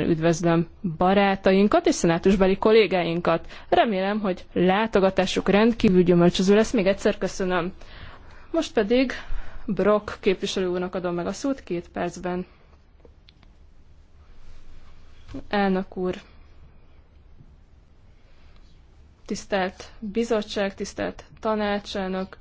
üdvözlöm barátainkat és szenátusbeli kollégáinkat. Remélem, hogy látogatásuk rendkívül gyümölcsöző lesz. Még egyszer köszönöm. Most pedig Brock képviselő úrnak adom meg a szót két percben. Elnök úr, tisztelt bizottság, tisztelt tanácselnök,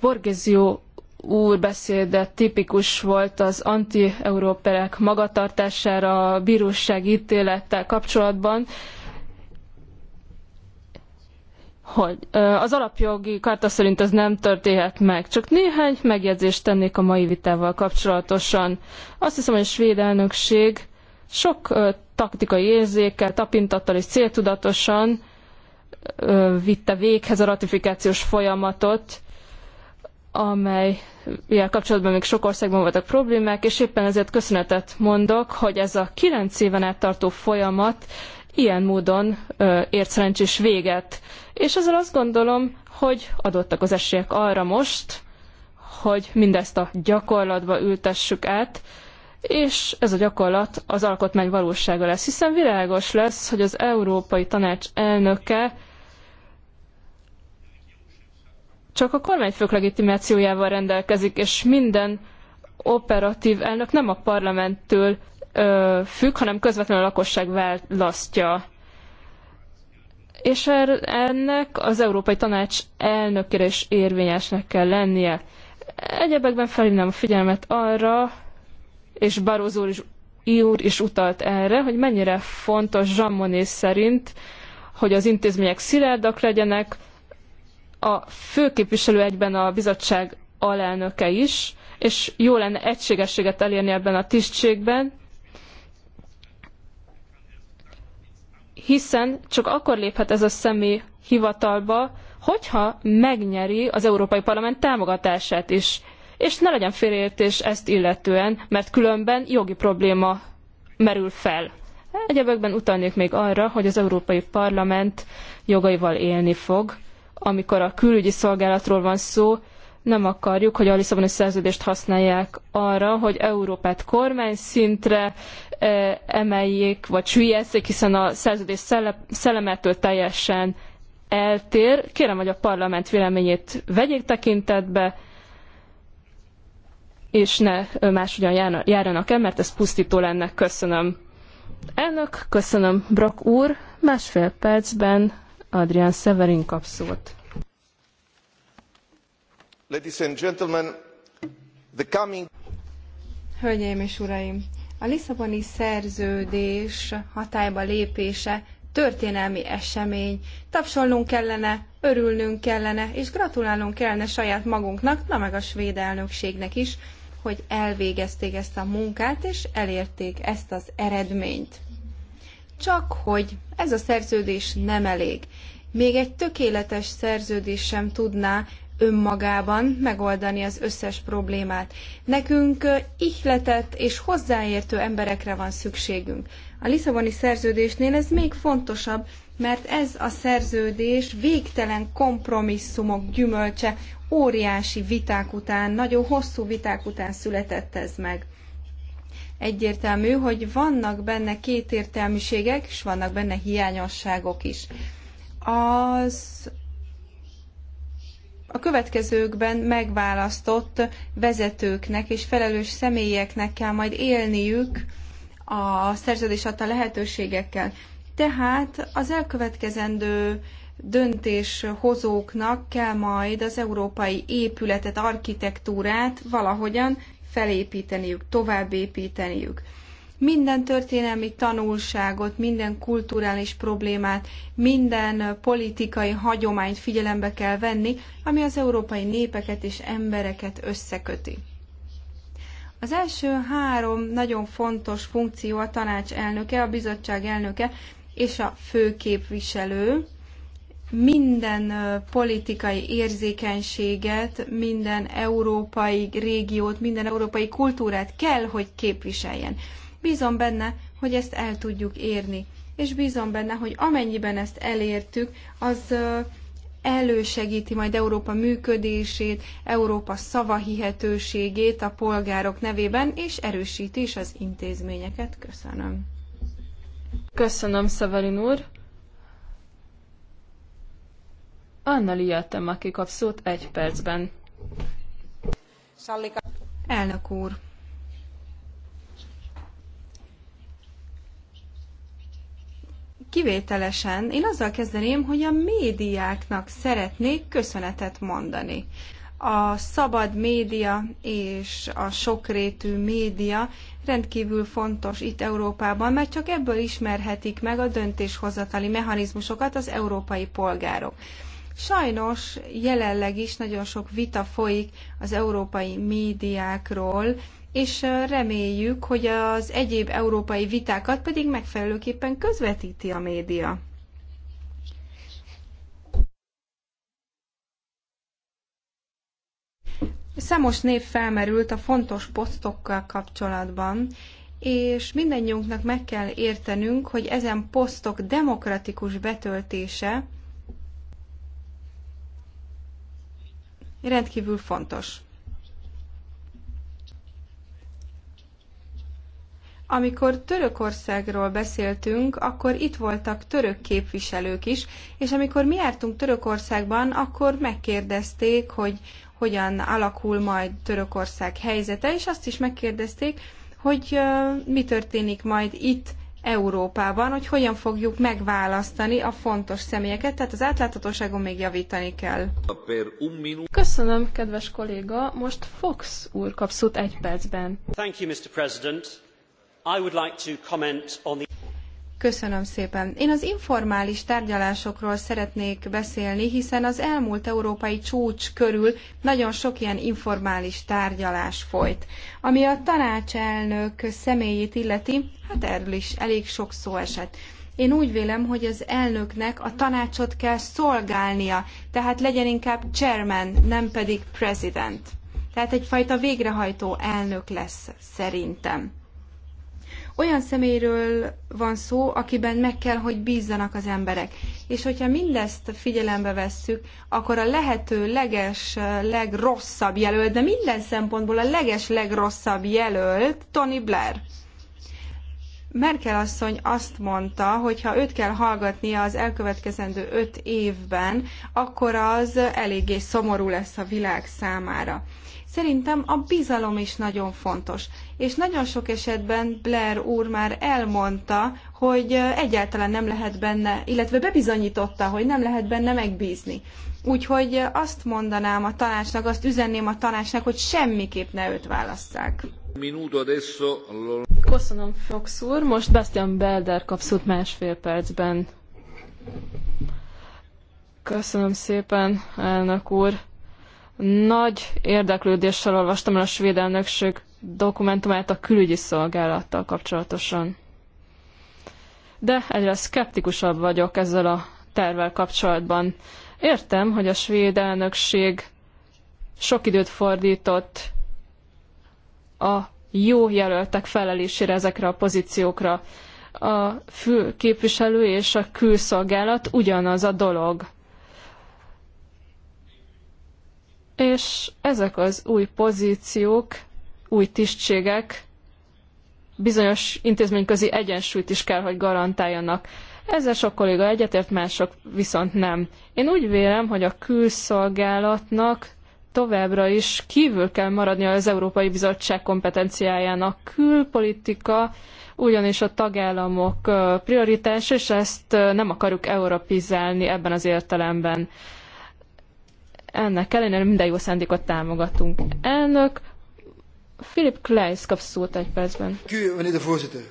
Borgezió úr beszéde tipikus volt az anti-európerek magatartására a bíróság ítélettel kapcsolatban, hogy az alapjogi karta szerint ez nem történhet meg. Csak néhány megjegyzést tennék a mai vitával kapcsolatosan. Azt hiszem, hogy a svéd elnökség sok taktikai érzékkel, tapintattal és céltudatosan vitte véghez a ratifikációs folyamatot, amely ilyen kapcsolatban még sok országban voltak problémák, és éppen ezért köszönetet mondok, hogy ez a kilenc éven át tartó folyamat ilyen módon ö, ért szerencsés véget. És ezzel azt gondolom, hogy adottak az esélyek arra most, hogy mindezt a gyakorlatba ültessük át, és ez a gyakorlat az alkotmány valósága lesz, hiszen világos lesz, hogy az Európai Tanács elnöke csak a kormányfők legitimációjával rendelkezik, és minden operatív elnök nem a parlamenttől ö, függ, hanem közvetlenül a lakosság választja. És er, ennek az Európai Tanács elnökére is érvényesnek kell lennie. Egyebekben felhívnám a figyelmet arra, és Barroso is, úr is utalt erre, hogy mennyire fontos Jean Monnet szerint, hogy az intézmények szilárdak legyenek, a főképviselő egyben a bizottság alelnöke is, és jó lenne egységességet elérni ebben a tisztségben, hiszen csak akkor léphet ez a személy hivatalba, hogyha megnyeri az Európai Parlament támogatását is. És ne legyen félreértés ezt illetően, mert különben jogi probléma merül fel. Egyebekben utalnék még arra, hogy az Európai Parlament jogaival élni fog, amikor a külügyi szolgálatról van szó, nem akarjuk, hogy a Lisszaboni szerződést használják arra, hogy Európát kormány szintre eh, emeljék, vagy süllyeszék, hiszen a szerződés szelle szellemetől teljesen eltér. Kérem, hogy a parlament véleményét vegyék tekintetbe, és ne máshogyan járjanak el, mert ez pusztító lenne. Köszönöm. Elnök, köszönöm, Brok úr. Másfél percben Severin kap szót. Ladies and gentlemen, the coming... Hölgyeim és uraim! A Lisszaboni szerződés hatályba lépése történelmi esemény. Tapsolnunk kellene, örülnünk kellene, és gratulálnunk kellene saját magunknak, na meg a svéd elnökségnek is, hogy elvégezték ezt a munkát, és elérték ezt az eredményt csak hogy ez a szerződés nem elég. Még egy tökéletes szerződés sem tudná önmagában megoldani az összes problémát. Nekünk ihletett és hozzáértő emberekre van szükségünk. A Lisszaboni szerződésnél ez még fontosabb, mert ez a szerződés végtelen kompromisszumok gyümölcse, óriási viták után, nagyon hosszú viták után született ez meg egyértelmű, hogy vannak benne kétértelműségek, és vannak benne hiányosságok is. Az a következőkben megválasztott vezetőknek és felelős személyeknek kell majd élniük a szerződés adta lehetőségekkel. Tehát az elkövetkezendő döntéshozóknak kell majd az európai épületet, architektúrát valahogyan felépíteniük, továbbépíteniük. Minden történelmi tanulságot, minden kulturális problémát, minden politikai hagyományt figyelembe kell venni, ami az európai népeket és embereket összeköti. Az első három nagyon fontos funkció a tanács elnöke, a bizottság elnöke és a főképviselő, minden politikai érzékenységet, minden európai régiót, minden európai kultúrát kell, hogy képviseljen. Bízom benne, hogy ezt el tudjuk érni. És bízom benne, hogy amennyiben ezt elértük, az elősegíti majd Európa működését, Európa szavahihetőségét a polgárok nevében, és erősíti is az intézményeket. Köszönöm. Köszönöm, Szeverin úr. Anna Liattem, aki kap szót egy percben. Elnök úr! Kivételesen én azzal kezdeném, hogy a médiáknak szeretnék köszönetet mondani. A szabad média és a sokrétű média rendkívül fontos itt Európában, mert csak ebből ismerhetik meg a döntéshozatali mechanizmusokat az európai polgárok Sajnos jelenleg is nagyon sok vita folyik az európai médiákról, és reméljük, hogy az egyéb európai vitákat pedig megfelelőképpen közvetíti a média. Számos név felmerült a fontos posztokkal kapcsolatban, és mindannyiunknak meg kell értenünk, hogy ezen posztok demokratikus betöltése rendkívül fontos. Amikor Törökországról beszéltünk, akkor itt voltak török képviselők is, és amikor mi jártunk Törökországban, akkor megkérdezték, hogy hogyan alakul majd Törökország helyzete, és azt is megkérdezték, hogy mi történik majd itt Európában, hogy hogyan fogjuk megválasztani a fontos személyeket, tehát az átláthatóságon még javítani kell. Köszönöm, kedves kolléga. Most Fox úr kap szót egy percben. Thank you, Mr. President. I would like to comment on the... Köszönöm szépen. Én az informális tárgyalásokról szeretnék beszélni, hiszen az elmúlt európai csúcs körül nagyon sok ilyen informális tárgyalás folyt. Ami a tanácselnök személyét illeti, hát erről is elég sok szó esett. Én úgy vélem, hogy az elnöknek a tanácsot kell szolgálnia, tehát legyen inkább chairman, nem pedig president. Tehát egyfajta végrehajtó elnök lesz szerintem olyan személyről van szó, akiben meg kell, hogy bízzanak az emberek. És hogyha mindezt figyelembe vesszük, akkor a lehető leges, legrosszabb jelölt, de minden szempontból a leges, legrosszabb jelölt Tony Blair. Merkel asszony azt mondta, hogy ha őt kell hallgatnia az elkövetkezendő öt évben, akkor az eléggé szomorú lesz a világ számára. Szerintem a bizalom is nagyon fontos. És nagyon sok esetben Blair úr már elmondta, hogy egyáltalán nem lehet benne, illetve bebizonyította, hogy nem lehet benne megbízni. Úgyhogy azt mondanám a tanácsnak, azt üzenném a tanácsnak, hogy semmiképp ne őt válasszák. Minuto adesso... Köszönöm, Fox úr. Most Bastian Belder kapszott másfél percben. Köszönöm szépen, elnök úr. Nagy érdeklődéssel olvastam el a svéd elnökség dokumentumát a külügyi szolgálattal kapcsolatosan. De egyre szkeptikusabb vagyok ezzel a tervvel kapcsolatban. Értem, hogy a svéd elnökség sok időt fordított a jó jelöltek felelésére ezekre a pozíciókra. A fő képviselő és a külszolgálat ugyanaz a dolog. és ezek az új pozíciók, új tisztségek bizonyos intézményközi egyensúlyt is kell, hogy garantáljanak. Ezzel sok kolléga egyetért, mások viszont nem. Én úgy vélem, hogy a külszolgálatnak továbbra is kívül kell maradnia az Európai Bizottság kompetenciájának külpolitika, ugyanis a tagállamok prioritás, és ezt nem akarjuk europizálni ebben az értelemben. Ennek ellenére minden jó szándékot támogatunk. Elnök, Philip Kleis kap szót egy percben. Meneer de voorzitter.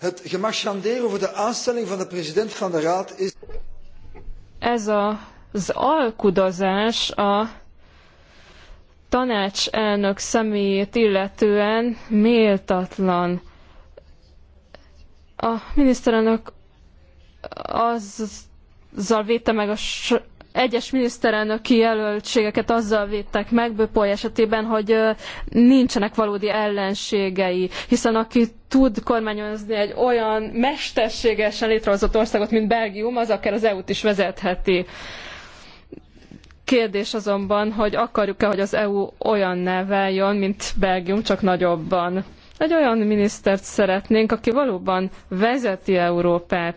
Het gemachanderen over de aanstelling van de president van de raad is... Ez a, az alkudozás a elnök személyét illetően méltatlan. A miniszterelnök azzal védte meg a egyes miniszterelnöki jelöltségeket azzal védtek meg Böpoly esetében, hogy nincsenek valódi ellenségei, hiszen aki tud kormányozni egy olyan mesterségesen létrehozott országot, mint Belgium, az akár az EU-t is vezetheti. Kérdés azonban, hogy akarjuk-e, hogy az EU olyan váljon, mint Belgium, csak nagyobban. Egy olyan minisztert szeretnénk, aki valóban vezeti Európát,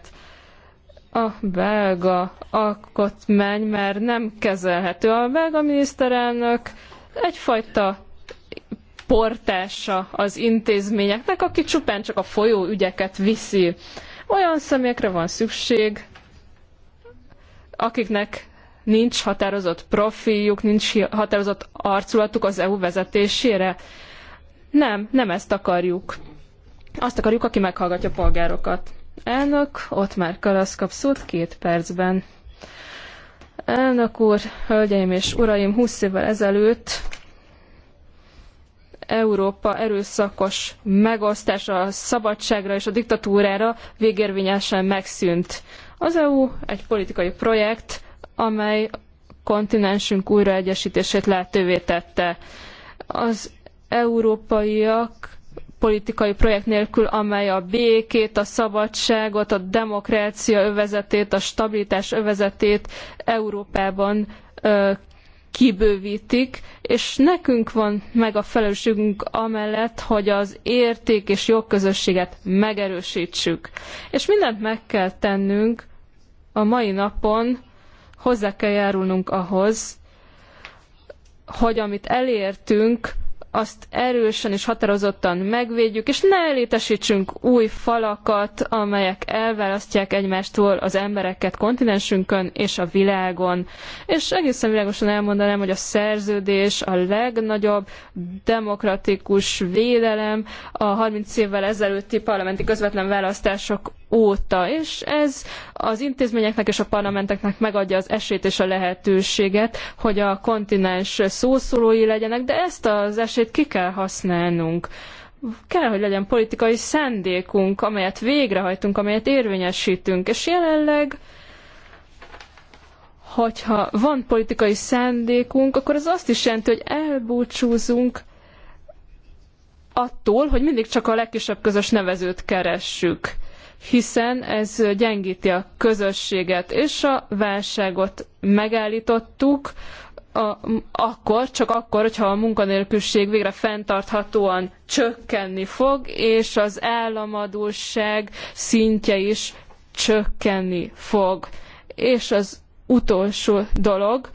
a belga alkotmány már nem kezelhető. A belga miniszterelnök egyfajta portása az intézményeknek, aki csupán csak a folyó ügyeket viszi. Olyan személyekre van szükség, akiknek nincs határozott profiljuk, nincs határozott arculatuk az EU vezetésére. Nem, nem ezt akarjuk. Azt akarjuk, aki meghallgatja a polgárokat. Elnök, ott már Kalasz kap szót két percben. Elnök úr, hölgyeim és uraim, 20 évvel ezelőtt Európa erőszakos megosztása a szabadságra és a diktatúrára végérvényesen megszűnt. Az EU egy politikai projekt, amely kontinensünk újraegyesítését lehetővé tette. Az európaiak politikai projekt nélkül, amely a békét, a szabadságot, a demokrácia övezetét, a stabilitás övezetét Európában ö, kibővítik, és nekünk van meg a felelősségünk amellett, hogy az érték és jogközösséget megerősítsük. És mindent meg kell tennünk a mai napon, hozzá kell járulnunk ahhoz, hogy amit elértünk, azt erősen és határozottan megvédjük, és ne létesítsünk új falakat, amelyek elválasztják egymástól az embereket kontinensünkön és a világon. És egészen világosan elmondanám, hogy a szerződés a legnagyobb demokratikus védelem a 30 évvel ezelőtti parlamenti közvetlen választások óta, és ez az intézményeknek és a parlamenteknek megadja az esélyt és a lehetőséget, hogy a kontinens szószólói legyenek, de ezt az esélyt ki kell használnunk. Kell, hogy legyen politikai szándékunk, amelyet végrehajtunk, amelyet érvényesítünk, és jelenleg hogyha van politikai szándékunk, akkor az azt is jelenti, hogy elbúcsúzunk attól, hogy mindig csak a legkisebb közös nevezőt keressük hiszen ez gyengíti a közösséget, és a válságot megállítottuk, a, akkor, csak akkor, hogyha a munkanélküliség végre fenntarthatóan csökkenni fog, és az államadóság szintje is csökkenni fog. És az utolsó dolog,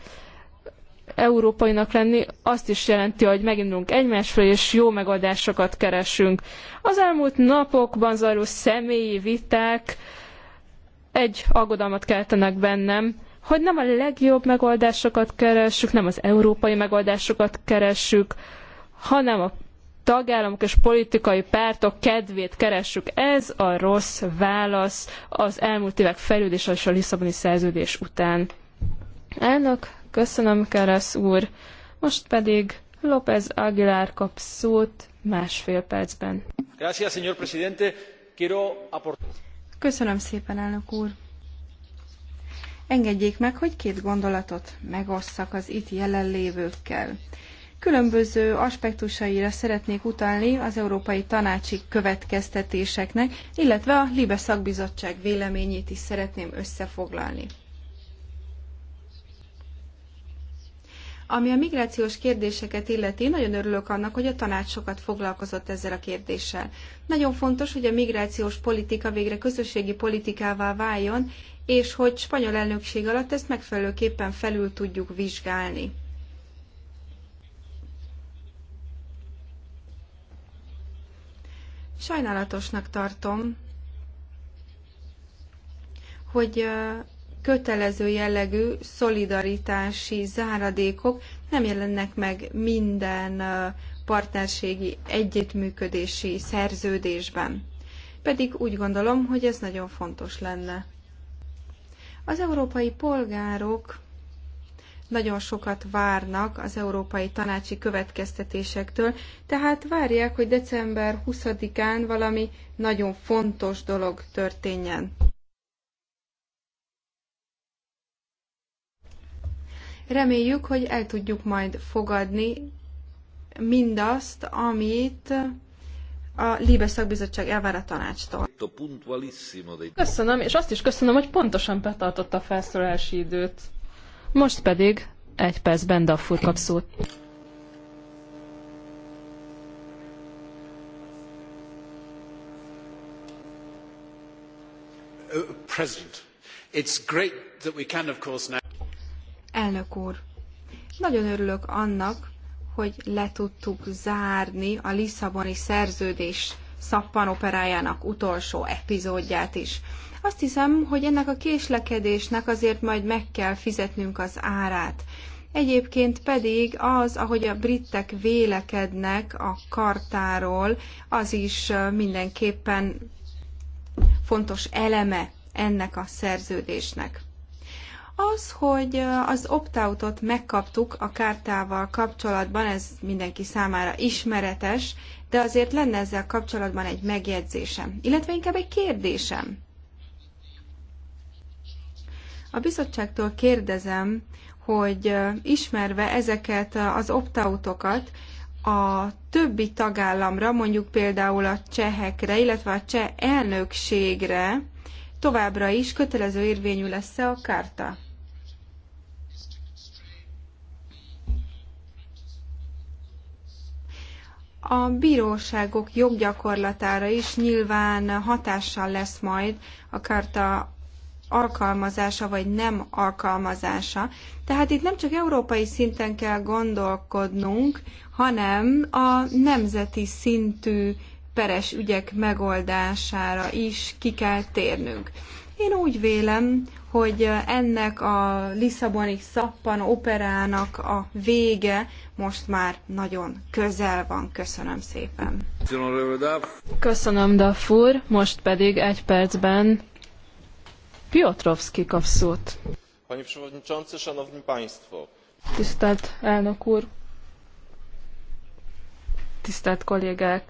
európainak lenni azt is jelenti, hogy megindulunk egymásra, és jó megoldásokat keresünk. Az elmúlt napokban zajló személyi viták egy aggodalmat keltenek bennem, hogy nem a legjobb megoldásokat keressük, nem az európai megoldásokat keressük, hanem a tagállamok és politikai pártok kedvét keressük. Ez a rossz válasz az elmúlt évek fejlődése és a Lisszaboni szerződés után. Elnök, Köszönöm, Karasz úr. Most pedig López Aguilar kap szót másfél percben. Köszönöm szépen, elnök úr. Engedjék meg, hogy két gondolatot megosszak az itt jelenlévőkkel. Különböző aspektusaira szeretnék utalni az Európai Tanácsi következtetéseknek, illetve a Libe Szakbizottság véleményét is szeretném összefoglalni. Ami a migrációs kérdéseket illeti, nagyon örülök annak, hogy a tanács sokat foglalkozott ezzel a kérdéssel. Nagyon fontos, hogy a migrációs politika végre közösségi politikává váljon, és hogy spanyol elnökség alatt ezt megfelelőképpen felül tudjuk vizsgálni. Sajnálatosnak tartom, hogy kötelező jellegű szolidaritási záradékok nem jelennek meg minden partnerségi együttműködési szerződésben. Pedig úgy gondolom, hogy ez nagyon fontos lenne. Az európai polgárok nagyon sokat várnak az európai tanácsi következtetésektől, tehát várják, hogy december 20-án valami nagyon fontos dolog történjen. Reméljük, hogy el tudjuk majd fogadni mindazt, amit a Libe Szakbizottság elvár a tanácstól. Köszönöm, és azt is köszönöm, hogy pontosan betartotta a felszólalási időt. Most pedig egy percben Daffur kap szót. Uh, president it's great that we can of course now Elnök úr, nagyon örülök annak, hogy le tudtuk zárni a Lisszaboni szerződés szappanoperájának utolsó epizódját is. Azt hiszem, hogy ennek a késlekedésnek azért majd meg kell fizetnünk az árát. Egyébként pedig az, ahogy a britek vélekednek a kartáról, az is mindenképpen fontos eleme ennek a szerződésnek. Az, hogy az opt-outot megkaptuk a kártával kapcsolatban, ez mindenki számára ismeretes, de azért lenne ezzel kapcsolatban egy megjegyzésem, illetve inkább egy kérdésem. A bizottságtól kérdezem, hogy ismerve ezeket az opt-outokat, a többi tagállamra, mondjuk például a csehekre, illetve a cseh elnökségre továbbra is kötelező érvényű lesz-e a kárta? a bíróságok joggyakorlatára is nyilván hatással lesz majd a karta alkalmazása vagy nem alkalmazása. Tehát itt nem csak európai szinten kell gondolkodnunk, hanem a nemzeti szintű peres ügyek megoldására is ki kell térnünk. Én úgy vélem, hogy ennek a Lisszaboni szappan operának a vége most már nagyon közel van. Köszönöm szépen. Köszönöm, Dafur. Most pedig egy percben Piotrowski kap szót. Panie Przewodniczący, Szanowni Państwo. Tisztelt elnök úr, tisztelt kollégák!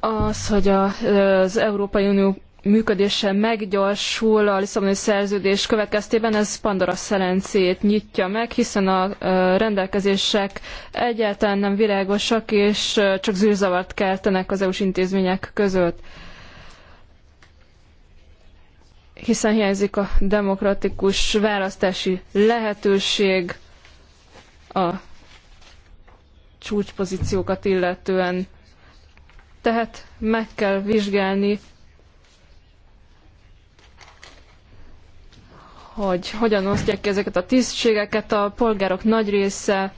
Az, hogy az Európai Unió működése meggyorsul a Lisszaboni szerződés következtében, ez Pandora szerencét nyitja meg, hiszen a rendelkezések egyáltalán nem világosak, és csak zűrzavart keltenek az EU-s intézmények között hiszen hiányzik a demokratikus választási lehetőség a csúcspozíciókat illetően. Tehát meg kell vizsgálni hogy hogyan osztják ki ezeket a tisztségeket. A polgárok nagy része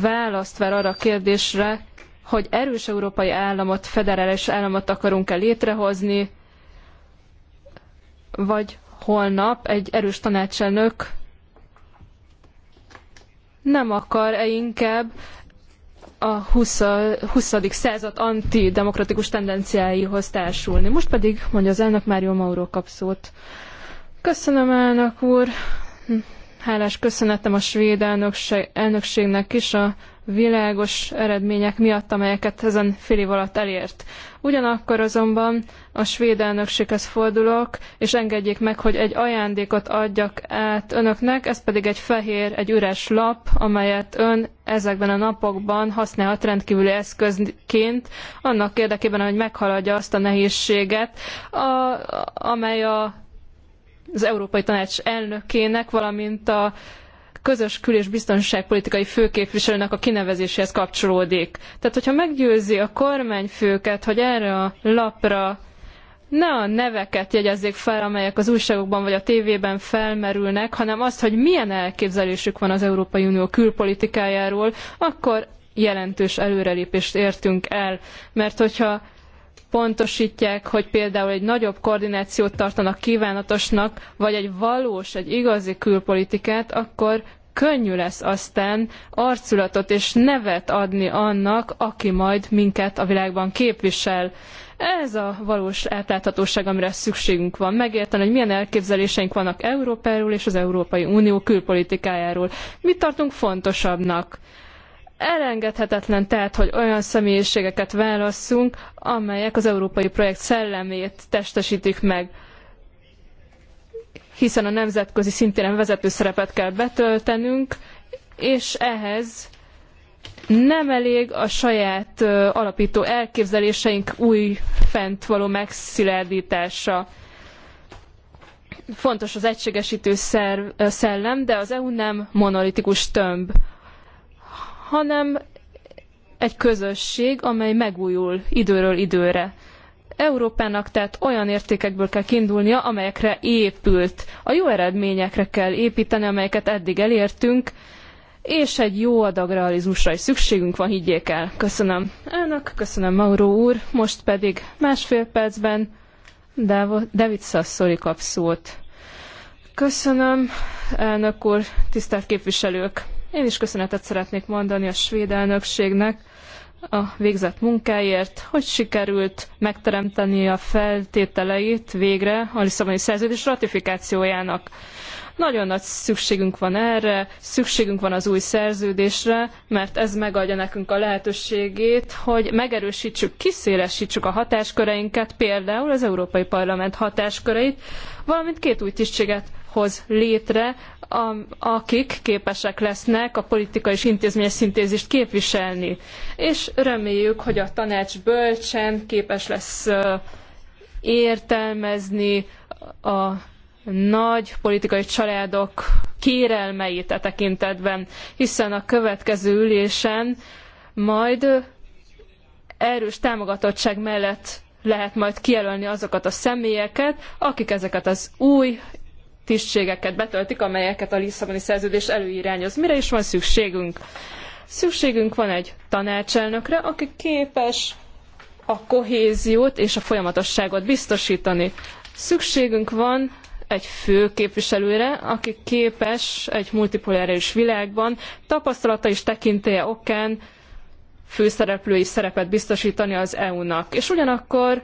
választ vár arra a kérdésre, hogy erős európai államot, federális államot akarunk-e létrehozni, vagy holnap egy erős tanácselnök nem akar-e inkább a 20. 20. század antidemokratikus tendenciáihoz társulni. Most pedig mondja az elnök Mário Mauro kap szót. Köszönöm, elnök úr. Hálás köszönetem a svéd elnökségnek is a világos eredmények miatt, amelyeket ezen fél év alatt elért. Ugyanakkor azonban a svéd elnökséghez fordulok, és engedjék meg, hogy egy ajándékot adjak át önöknek, ez pedig egy fehér, egy üres lap, amelyet ön ezekben a napokban használhat rendkívüli eszközként, annak érdekében, hogy meghaladja azt a nehézséget, a, amely a az Európai Tanács elnökének, valamint a közös kül- és biztonságpolitikai főképviselőnek a kinevezéséhez kapcsolódik. Tehát, hogyha meggyőzi a kormányfőket, hogy erre a lapra ne a neveket jegyezzék fel, amelyek az újságokban vagy a tévében felmerülnek, hanem azt, hogy milyen elképzelésük van az Európai Unió külpolitikájáról, akkor jelentős előrelépést értünk el. Mert hogyha pontosítják, hogy például egy nagyobb koordinációt tartanak kívánatosnak, vagy egy valós, egy igazi külpolitikát, akkor könnyű lesz aztán arculatot és nevet adni annak, aki majd minket a világban képvisel. Ez a valós átláthatóság, amire szükségünk van. Megérteni, hogy milyen elképzeléseink vannak Európáról és az Európai Unió külpolitikájáról. Mit tartunk fontosabbnak? Elengedhetetlen tehát, hogy olyan személyiségeket válasszunk, amelyek az európai projekt szellemét testesítik meg hiszen a nemzetközi szintéren vezető szerepet kell betöltenünk, és ehhez nem elég a saját alapító elképzeléseink új fent való megszilárdítása. Fontos az egységesítő szellem, de az EU nem monolitikus tömb hanem egy közösség, amely megújul időről időre. Európának tehát olyan értékekből kell kiindulnia, amelyekre épült. A jó eredményekre kell építeni, amelyeket eddig elértünk, és egy jó adag realizmusra is szükségünk van, higgyék el. Köszönöm elnök, köszönöm Mauro úr, most pedig másfél percben David Sassori kap szót. Köszönöm, elnök úr, tisztelt képviselők! Én is köszönetet szeretnék mondani a svéd elnökségnek a végzett munkáért, hogy sikerült megteremteni a feltételeit végre a Lisszaboni szerződés ratifikációjának. Nagyon nagy szükségünk van erre, szükségünk van az új szerződésre, mert ez megadja nekünk a lehetőségét, hogy megerősítsük, kiszélesítsük a hatásköreinket, például az Európai Parlament hatásköreit, valamint két új tisztséget hoz létre, akik képesek lesznek a politikai és intézményes szintézist képviselni. És reméljük, hogy a tanács bölcsen képes lesz értelmezni a nagy politikai családok kérelmeit e tekintetben, hiszen a következő ülésen majd erős támogatottság mellett lehet majd kijelölni azokat a személyeket, akik ezeket az új tisztségeket betöltik, amelyeket a Lisszaboni szerződés előirányoz. Mire is van szükségünk? Szükségünk van egy tanácselnökre, aki képes a kohéziót és a folyamatosságot biztosítani. Szükségünk van egy fő képviselőre, aki képes egy multipoláris világban tapasztalata és tekintélye okán főszereplői szerepet biztosítani az EU-nak. És ugyanakkor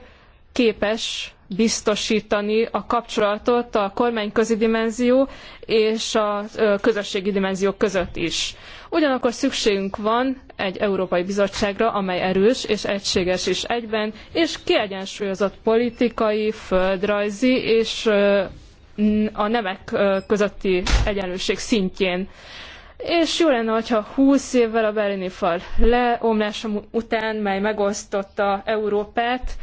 képes biztosítani a kapcsolatot a kormányközi dimenzió és a közösségi dimenzió között is. Ugyanakkor szükségünk van egy Európai Bizottságra, amely erős és egységes is egyben, és kiegyensúlyozott politikai, földrajzi és a nemek közötti egyenlőség szintjén. És jó lenne, hogyha 20 évvel a berlini fal leomlása után, mely megosztotta Európát,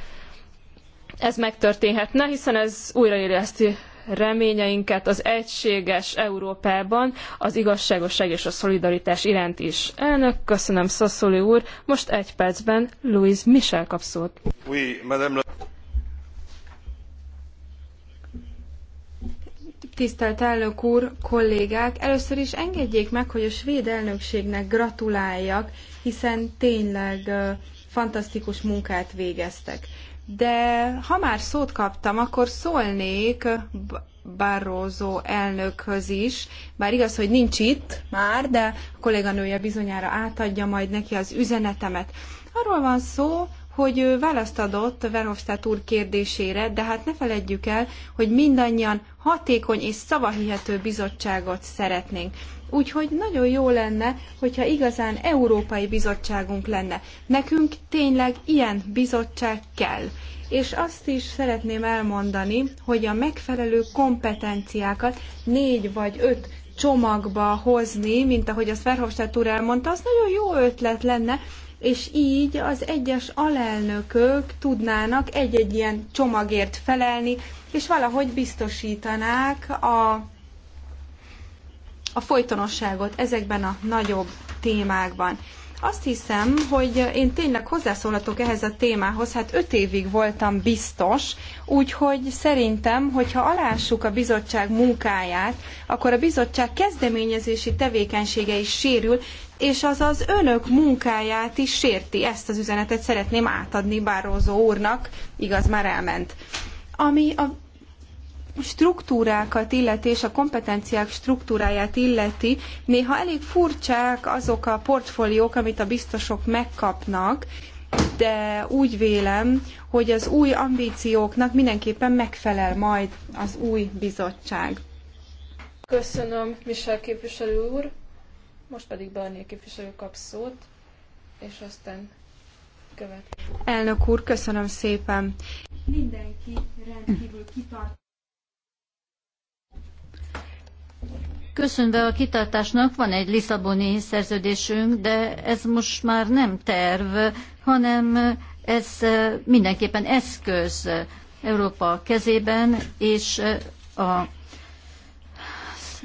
ez megtörténhetne, hiszen ez újraéleszti reményeinket az egységes Európában, az igazságosság és a szolidaritás iránt is. Elnök, köszönöm Szaszoli úr, most egy percben Louise Michel kap szót. Oui, madame... Tisztelt elnök úr, kollégák! Először is engedjék meg, hogy a svéd elnökségnek gratuláljak, hiszen tényleg fantasztikus munkát végeztek de ha már szót kaptam, akkor szólnék Barroso elnökhöz is, bár igaz, hogy nincs itt már, de a kolléganője bizonyára átadja majd neki az üzenetemet. Arról van szó, hogy választ adott Verhofstadt úr kérdésére, de hát ne feledjük el, hogy mindannyian hatékony és szavahihető bizottságot szeretnénk. Úgyhogy nagyon jó lenne, hogyha igazán Európai Bizottságunk lenne. Nekünk tényleg ilyen bizottság kell. És azt is szeretném elmondani, hogy a megfelelő kompetenciákat négy vagy öt csomagba hozni, mint ahogy azt Verhofstadt úr elmondta, az nagyon jó ötlet lenne, és így az egyes alelnökök tudnának egy-egy ilyen csomagért felelni, és valahogy biztosítanák a a folytonosságot ezekben a nagyobb témákban. Azt hiszem, hogy én tényleg hozzászólhatok ehhez a témához, hát öt évig voltam biztos, úgyhogy szerintem, hogyha alássuk a bizottság munkáját, akkor a bizottság kezdeményezési tevékenysége is sérül, és az az önök munkáját is sérti. Ezt az üzenetet szeretném átadni Bározó úrnak, igaz, már elment. Ami a struktúrákat illeti és a kompetenciák struktúráját illeti, néha elég furcsák azok a portfóliók, amit a biztosok megkapnak, de úgy vélem, hogy az új ambícióknak mindenképpen megfelel majd az új bizottság. Köszönöm, Michel képviselő úr. Most pedig Barnier képviselő kap szót, és aztán követ. Elnök úr, köszönöm szépen. Mindenki rendkívül kitart köszönve a kitartásnak van egy Lisszaboni szerződésünk, de ez most már nem terv, hanem ez eh, mindenképpen eszköz Európa kezében, és eh, a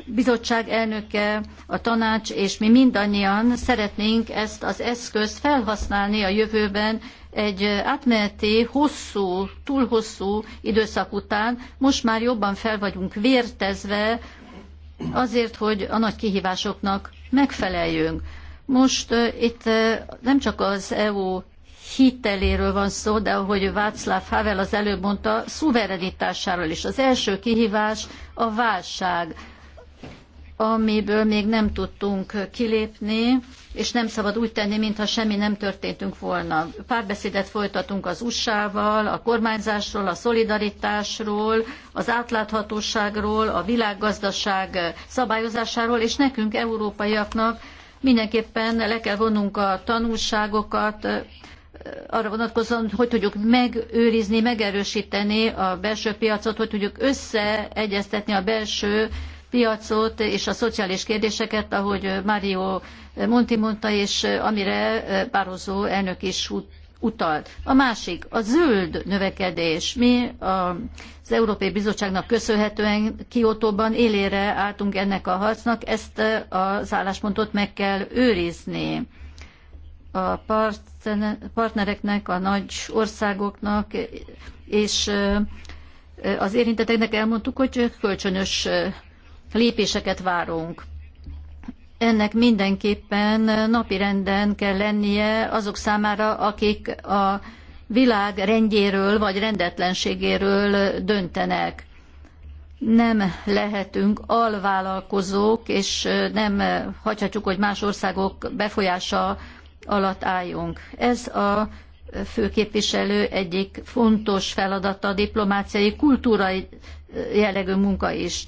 bizottság elnöke, a tanács és mi mindannyian szeretnénk ezt az eszközt felhasználni a jövőben egy eh, átmeneti, hosszú, túl hosszú időszak után. Most már jobban fel vagyunk vértezve azért, hogy a nagy kihívásoknak megfeleljünk. Most uh, itt uh, nem csak az EU hiteléről van szó, de ahogy Václav Havel az előbb mondta, szuverenitásáról is. Az első kihívás a válság amiből még nem tudtunk kilépni, és nem szabad úgy tenni, mintha semmi nem történtünk volna. Párbeszédet folytatunk az USA-val, a kormányzásról, a szolidaritásról, az átláthatóságról, a világgazdaság szabályozásáról, és nekünk, európaiaknak mindenképpen le kell vonnunk a tanulságokat, arra vonatkozóan, hogy tudjuk megőrizni, megerősíteni a belső piacot, hogy tudjuk összeegyeztetni a belső piacot és a szociális kérdéseket, ahogy Mario Monti mondta, és amire Barroso elnök is utalt. A másik, a zöld növekedés. Mi az Európai Bizottságnak köszönhetően Kiotóban élére álltunk ennek a harcnak, ezt az álláspontot meg kell őrizni a partnereknek, a nagy országoknak és az érinteteknek elmondtuk, hogy kölcsönös lépéseket várunk. Ennek mindenképpen napi renden kell lennie azok számára, akik a világ rendjéről vagy rendetlenségéről döntenek. Nem lehetünk alvállalkozók, és nem hagyhatjuk, hogy más országok befolyása alatt álljunk. Ez a főképviselő egyik fontos feladata a diplomáciai kultúrai jellegű munka is.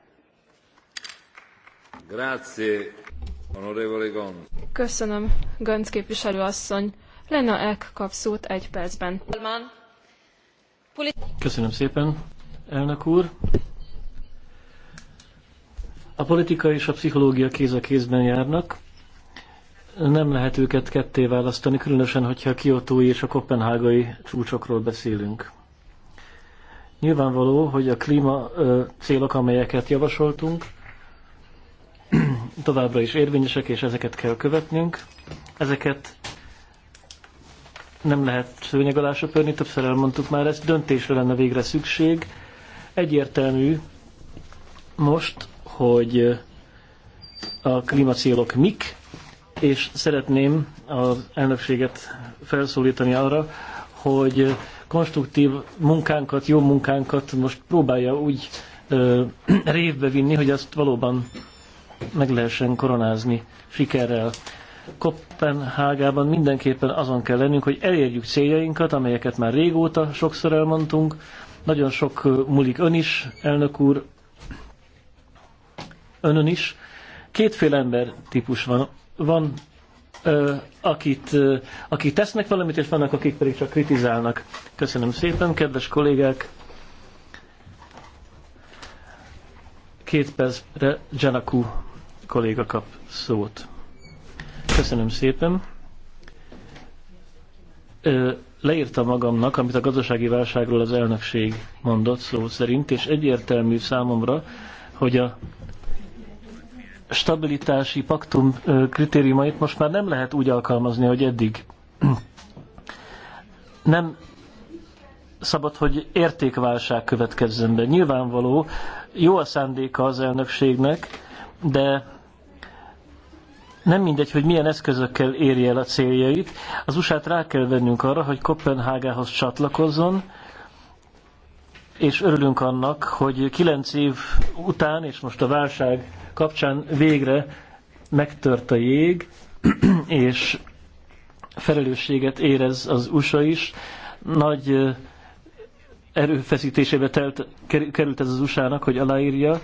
Köszönöm, Gönc képviselő asszony. Lena Ek kap szót egy percben. Köszönöm szépen, elnök úr. A politika és a pszichológia kéz a kézben járnak. Nem lehet őket ketté választani, különösen, hogyha a kiotói és a kopenhágai csúcsokról beszélünk. Nyilvánvaló, hogy a klíma ö, célok, amelyeket javasoltunk, továbbra is érvényesek, és ezeket kell követnünk. Ezeket nem lehet szőnyeg alá söpörni, többször elmondtuk már ezt, döntésre lenne végre szükség. Egyértelmű most, hogy a klímacélok mik, és szeretném az elnökséget felszólítani arra, hogy konstruktív munkánkat, jó munkánkat most próbálja úgy ö, révbe vinni, hogy azt valóban meg lehessen koronázni sikerrel. Kopenhágában mindenképpen azon kell lennünk, hogy elérjük céljainkat, amelyeket már régóta sokszor elmondtunk. Nagyon sok múlik ön is, elnök úr, önön is. Kétféle ember típus van. Van ö, akit, ö, akik tesznek valamit, és vannak, akik pedig csak kritizálnak. Köszönöm szépen, kedves kollégák! Két percre Janakú kolléga kap szót. Köszönöm szépen. Leírta magamnak, amit a gazdasági válságról az elnökség mondott szó szerint, és egyértelmű számomra, hogy a stabilitási paktum kritériumait most már nem lehet úgy alkalmazni, hogy eddig. Nem szabad, hogy értékválság következzen be. Nyilvánvaló, jó a szándéka az elnökségnek, de nem mindegy, hogy milyen eszközökkel érje el a céljait. Az usa rá kell vennünk arra, hogy Kopenhágához csatlakozzon, és örülünk annak, hogy kilenc év után, és most a válság kapcsán végre megtört a jég, és felelősséget érez az USA is. Nagy erőfeszítésébe telt, került ez az USA-nak, hogy aláírja,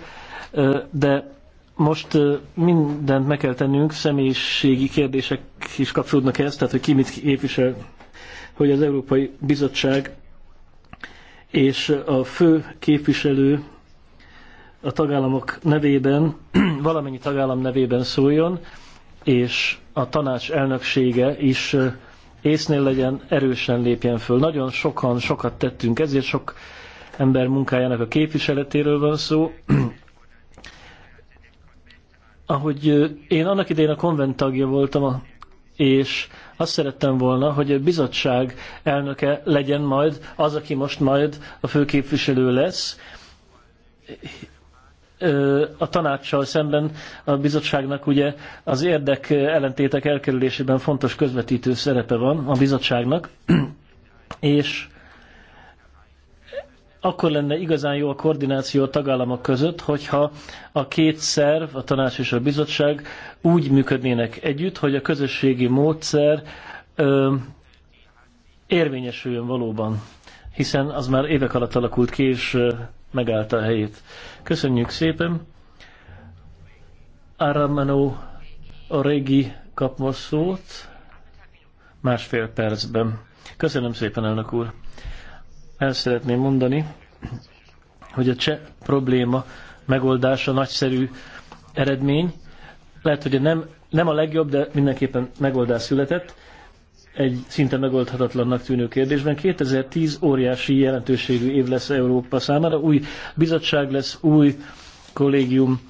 de most mindent meg kell tennünk, személyiségi kérdések is kapcsolódnak ehhez, tehát hogy ki mit képvisel, hogy az Európai Bizottság és a fő képviselő a tagállamok nevében, valamennyi tagállam nevében szóljon, és a tanács elnöksége is észnél legyen, erősen lépjen föl. Nagyon sokan, sokat tettünk ezért, sok ember munkájának a képviseletéről van szó, ahogy én annak idején a konvent tagja voltam, és azt szerettem volna, hogy a bizottság elnöke legyen majd az, aki most majd a főképviselő lesz. A tanácssal szemben a bizottságnak ugye az érdek ellentétek elkerülésében fontos közvetítő szerepe van a bizottságnak, és akkor lenne igazán jó a koordináció a tagállamok között, hogyha a két szerv, a tanács és a bizottság úgy működnének együtt, hogy a közösségi módszer ö, érvényesüljön valóban, hiszen az már évek alatt alakult ki, és ö, megállt a helyét. Köszönjük szépen! Aramano a kap most szót másfél percben. Köszönöm szépen, elnök úr! el szeretném mondani, hogy a cseh probléma megoldása nagyszerű eredmény. Lehet, hogy nem, nem a legjobb, de mindenképpen megoldás született egy szinte megoldhatatlannak tűnő kérdésben. 2010 óriási jelentőségű év lesz Európa számára. Új bizottság lesz, új kollégium,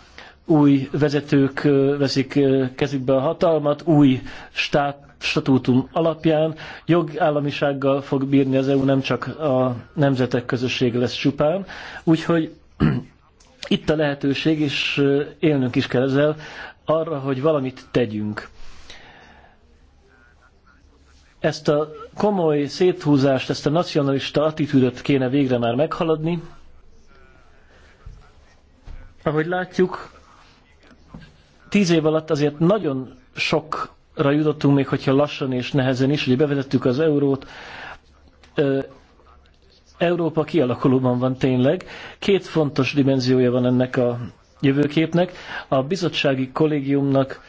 új vezetők veszik kezükbe a hatalmat, új stát statútum alapján jogállamisággal fog bírni az EU, nem csak a nemzetek közössége lesz csupán. Úgyhogy itt a lehetőség, és élnünk is kell ezzel, arra, hogy valamit tegyünk. Ezt a komoly széthúzást, ezt a nacionalista attitűdöt kéne végre már meghaladni. Ahogy látjuk, tíz év alatt azért nagyon sok jutottunk, még hogyha lassan és nehezen is, hogy bevezettük az eurót. Európa kialakulóban van tényleg. Két fontos dimenziója van ennek a jövőképnek. A bizottsági kollégiumnak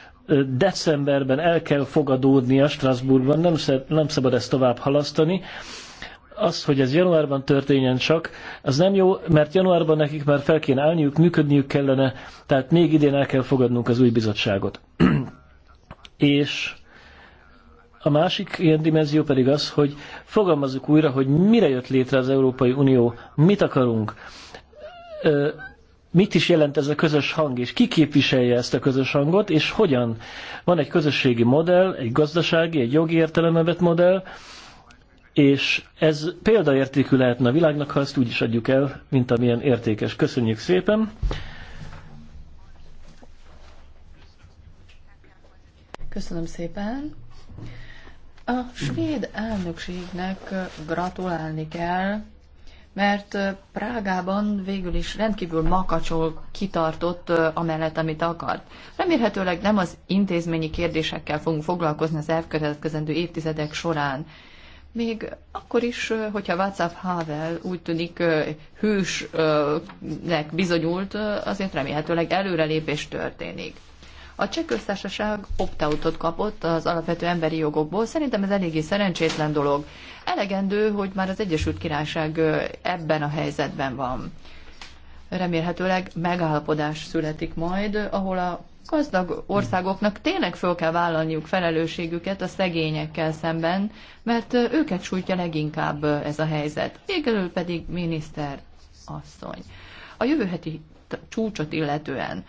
decemberben el kell fogadódnia Strasbourgban, nem, szed, nem szabad ezt tovább halasztani. Az, hogy ez januárban történjen csak, az nem jó, mert januárban nekik már fel kéne állniuk, működniük kellene, tehát még idén el kell fogadnunk az új bizottságot. És a másik ilyen dimenzió pedig az, hogy fogalmazzuk újra, hogy mire jött létre az Európai Unió, mit akarunk, mit is jelent ez a közös hang, és ki képviselje ezt a közös hangot, és hogyan. Van egy közösségi modell, egy gazdasági, egy jogi értelemevet modell, és ez példaértékű lehetne a világnak, ha ezt úgy is adjuk el, mint amilyen értékes. Köszönjük szépen! Köszönöm szépen. A svéd elnökségnek gratulálni kell, mert Prágában végül is rendkívül makacsol kitartott amellett, amit akart. Remélhetőleg nem az intézményi kérdésekkel fogunk foglalkozni az elkövetkezendő évtizedek során. Még akkor is, hogyha Václav Havel úgy tűnik hősnek bizonyult, azért remélhetőleg előrelépés történik. A cseh köztársaság opt-outot kapott az alapvető emberi jogokból. Szerintem ez eléggé szerencsétlen dolog. Elegendő, hogy már az Egyesült Királyság ebben a helyzetben van. Remélhetőleg megállapodás születik majd, ahol a gazdag országoknak tényleg föl kell vállalniuk felelősségüket a szegényekkel szemben, mert őket sújtja leginkább ez a helyzet. Végül pedig miniszter asszony. A jövő heti csúcsot illetően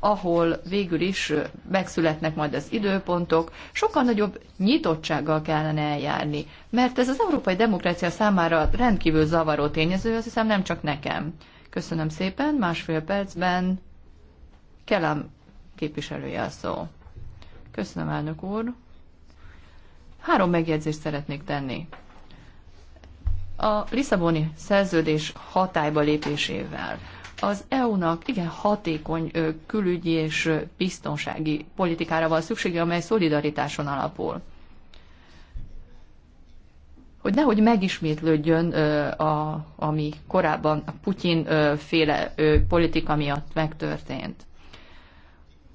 ahol végül is megszületnek majd az időpontok, sokkal nagyobb nyitottsággal kellene eljárni. Mert ez az európai demokrácia számára rendkívül zavaró tényező, azt hiszem nem csak nekem. Köszönöm szépen, másfél percben kellem képviselője a szó. Köszönöm, elnök úr. Három megjegyzést szeretnék tenni. A Lisszaboni szerződés hatályba lépésével az EU-nak igen hatékony külügyi és biztonsági politikára van szüksége, amely szolidaritáson alapul. Hogy nehogy megismétlődjön, a, ami korábban a Putyin féle politika miatt megtörtént.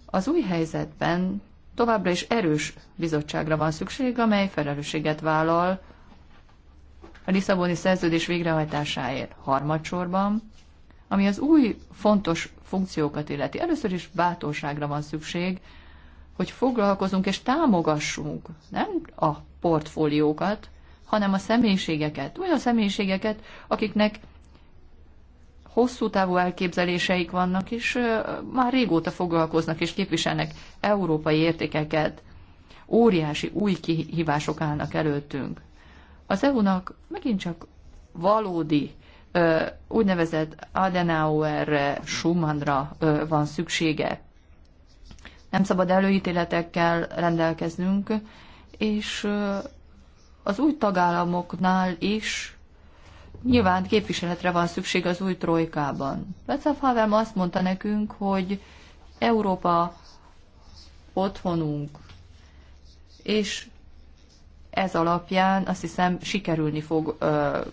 Az új helyzetben továbbra is erős bizottságra van szükség, amely felelősséget vállal a Lisszaboni szerződés végrehajtásáért harmadsorban, ami az új fontos funkciókat illeti. Először is bátorságra van szükség, hogy foglalkozunk és támogassunk nem a portfóliókat, hanem a személyiségeket, olyan személyiségeket, akiknek hosszú távú elképzeléseik vannak, és már régóta foglalkoznak és képviselnek európai értékeket. Óriási új kihívások állnak előttünk. Az EU-nak megint csak valódi úgynevezett adenauer Schumannra van szüksége. Nem szabad előítéletekkel rendelkeznünk, és az új tagállamoknál is nyilván képviseletre van szükség az új trojkában. Václav Havel azt mondta nekünk, hogy Európa otthonunk, és ez alapján azt hiszem sikerülni fog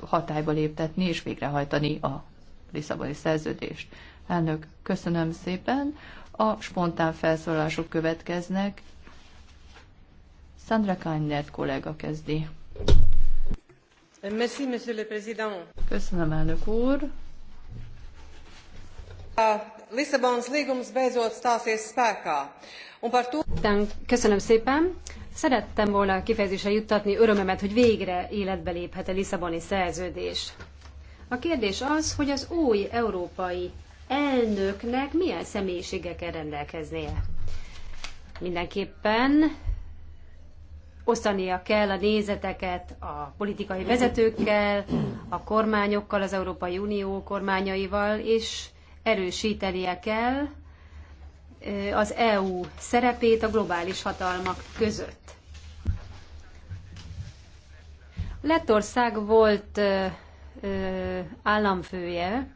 hatályba léptetni és végrehajtani a Lisszaboni szerződést. Elnök, köszönöm szépen. A spontán felszólások következnek. Sandra Kányert kollega kezdi. Merci, monsieur le président. Köszönöm, elnök úr. A Lisszabons līgums beidzot stāsies Köszönöm szépen. Szerettem volna kifejezésre juttatni örömemet, hogy végre életbe léphet a Lisszaboni szerződés. A kérdés az, hogy az új európai elnöknek milyen személyiségekkel rendelkeznie. Mindenképpen osztania kell a nézeteket a politikai vezetőkkel, a kormányokkal, az Európai Unió kormányaival, és erősítenie kell az EU szerepét a globális hatalmak között. Lettország volt államfője.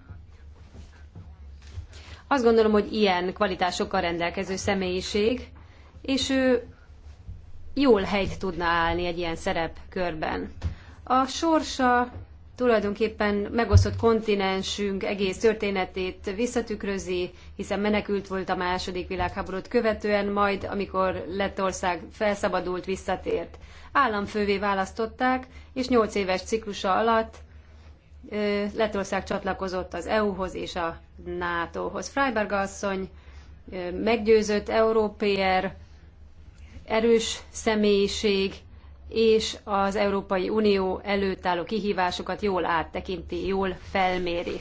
Azt gondolom, hogy ilyen kvalitásokkal rendelkező személyiség, és ő jól helyt tudna állni egy ilyen szerepkörben. A sorsa tulajdonképpen megosztott kontinensünk egész történetét visszatükrözi, hiszen menekült volt a második világháborút követően, majd amikor Lettország felszabadult, visszatért. Államfővé választották, és nyolc éves ciklusa alatt Lettország csatlakozott az EU-hoz és a NATO-hoz. Freiberg asszony meggyőzött európér, erős személyiség, és az Európai Unió előtt álló kihívásokat jól áttekinti, jól felméri.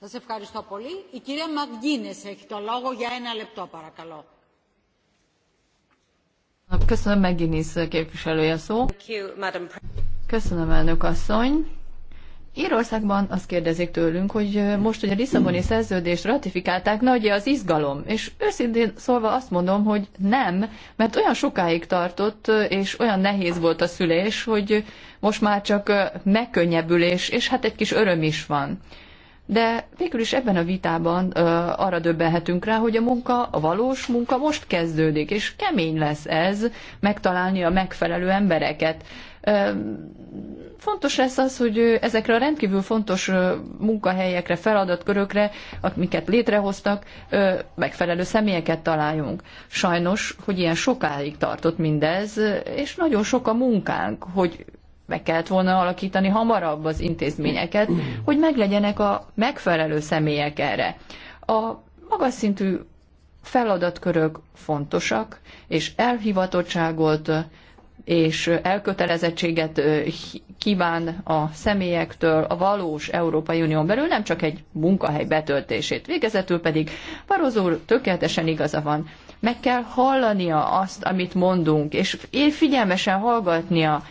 Σας ευχαριστώ πολύ. Η κυρία Μαγκίνες έχει το λόγο για ένα λεπτό παρακαλώ. Köszönöm, Megginis képviselője szó. Köszönöm, elnök asszony. Írországban azt kérdezik tőlünk, hogy most, hogy a Lisszaboni szerződést ratifikálták, nagy az izgalom. És őszintén szólva azt mondom, hogy nem, mert olyan sokáig tartott, és olyan nehéz volt a szülés, hogy most már csak megkönnyebbülés, és hát egy kis öröm is van de végül is ebben a vitában ö, arra döbbenhetünk rá, hogy a munka, a valós munka most kezdődik, és kemény lesz ez megtalálni a megfelelő embereket. Ö, fontos lesz az, hogy ezekre a rendkívül fontos munkahelyekre, feladatkörökre, amiket létrehoztak, ö, megfelelő személyeket találjunk. Sajnos, hogy ilyen sokáig tartott mindez, és nagyon sok a munkánk, hogy meg kellett volna alakítani hamarabb az intézményeket, hogy meglegyenek a megfelelő személyek erre. A magas szintű feladatkörök fontosak, és elhivatottságot és elkötelezettséget kíván a személyektől a valós Európai Unión belül, nem csak egy munkahely betöltését. Végezetül pedig Barozó tökéletesen igaza van meg kell hallania azt, amit mondunk, és figyelmesen hallgatnia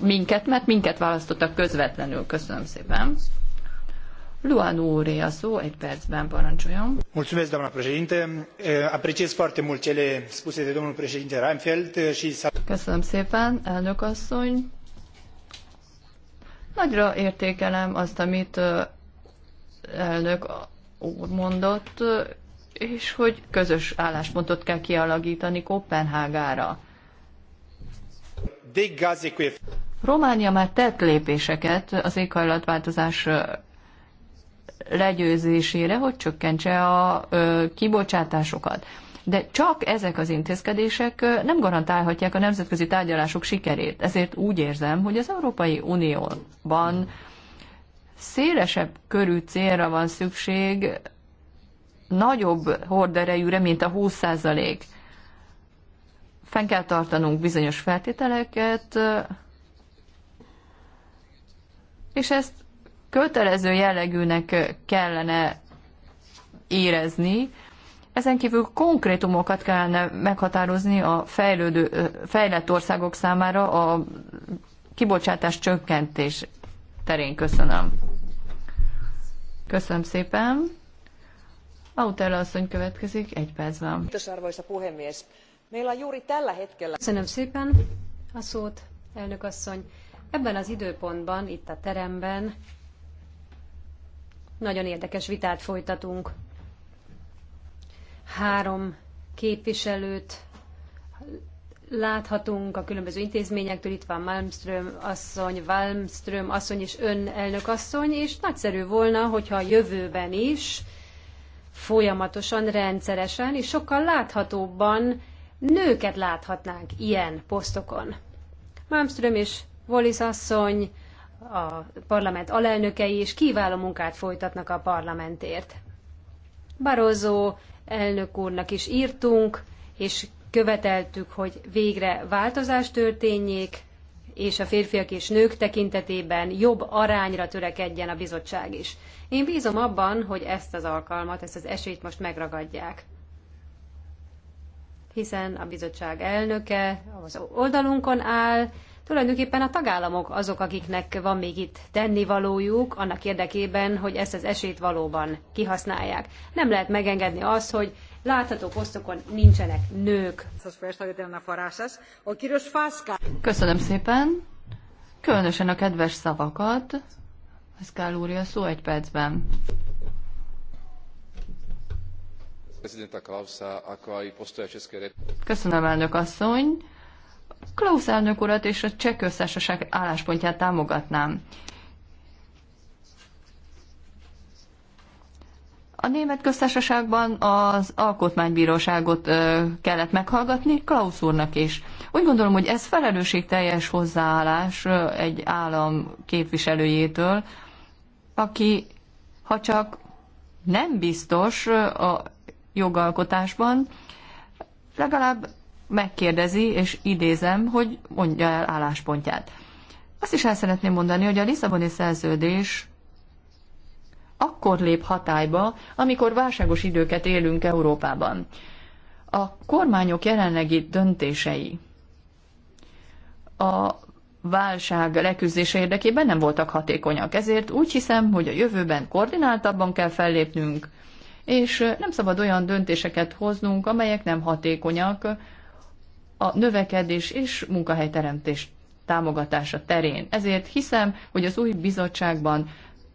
minket, mert minket választottak közvetlenül. Köszönöm szépen. Luan Uri, a szó, egy percben parancsoljon. Mulțumesc, doamna președinte. E, apreciez foarte mult cele spuse de domnul președinte Reinfeldt e, și... Köszönöm szépen, elnök asszony. Nagyra értékelem azt, amit elnök úr mondott, és hogy közös álláspontot kell kialakítani Kopenhágára. Románia már tett lépéseket az éghajlatváltozás legyőzésére, hogy csökkentse a ö, kibocsátásokat. De csak ezek az intézkedések nem garantálhatják a nemzetközi tárgyalások sikerét. Ezért úgy érzem, hogy az Európai Unióban szélesebb körű célra van szükség nagyobb horderejűre, mint a 20%. Fenn kell tartanunk bizonyos feltételeket, és ezt kötelező jellegűnek kellene érezni, ezen kívül konkrétumokat kellene meghatározni a fejlődő, fejlett országok számára a kibocsátás csökkentés terén. Köszönöm. Köszönöm szépen. Autella asszony következik, egy percben. Kiitos, arvoisa puhemies. Meillä on juuri tällä hetkellä... Köszönöm szépen a szót, elnök asszony. Ebben az időpontban, itt a teremben nagyon érdekes vitát folytatunk. Három képviselőt láthatunk a különböző intézményektől, itt van Malmström asszony, Malmström asszony és ön elnök asszony, és nagyszerű volna, hogyha a jövőben is folyamatosan, rendszeresen, és sokkal láthatóbban nőket láthatnánk ilyen posztokon. Malmström és Wallis asszony, a parlament alelnökei is kiváló munkát folytatnak a parlamentért. Barozó elnök úrnak is írtunk, és követeltük, hogy végre változás történjék, és a férfiak és nők tekintetében jobb arányra törekedjen a bizottság is. Én bízom abban, hogy ezt az alkalmat, ezt az esélyt most megragadják hiszen a bizottság elnöke az oldalunkon áll, tulajdonképpen a tagállamok azok, akiknek van még itt tennivalójuk, annak érdekében, hogy ezt az esélyt valóban kihasználják. Nem lehet megengedni azt, hogy látható posztokon nincsenek nők. Köszönöm szépen. Különösen a kedves szavakat. Ez úr, a szó egy percben. Köszönöm, elnök asszony. Klaus elnök urat és a cseh köztársaság álláspontját támogatnám. A német köztársaságban az alkotmánybíróságot kellett meghallgatni, Klaus úrnak is. Úgy gondolom, hogy ez felelősségteljes hozzáállás egy állam képviselőjétől, aki ha csak nem biztos a jogalkotásban, legalább megkérdezi, és idézem, hogy mondja el álláspontját. Azt is el szeretném mondani, hogy a Lisszaboni szerződés akkor lép hatályba, amikor válságos időket élünk Európában. A kormányok jelenlegi döntései a válság leküzdése érdekében nem voltak hatékonyak. Ezért úgy hiszem, hogy a jövőben koordináltabban kell fellépnünk, és nem szabad olyan döntéseket hoznunk, amelyek nem hatékonyak a növekedés és munkahelyteremtés támogatása terén. Ezért hiszem, hogy az új bizottságban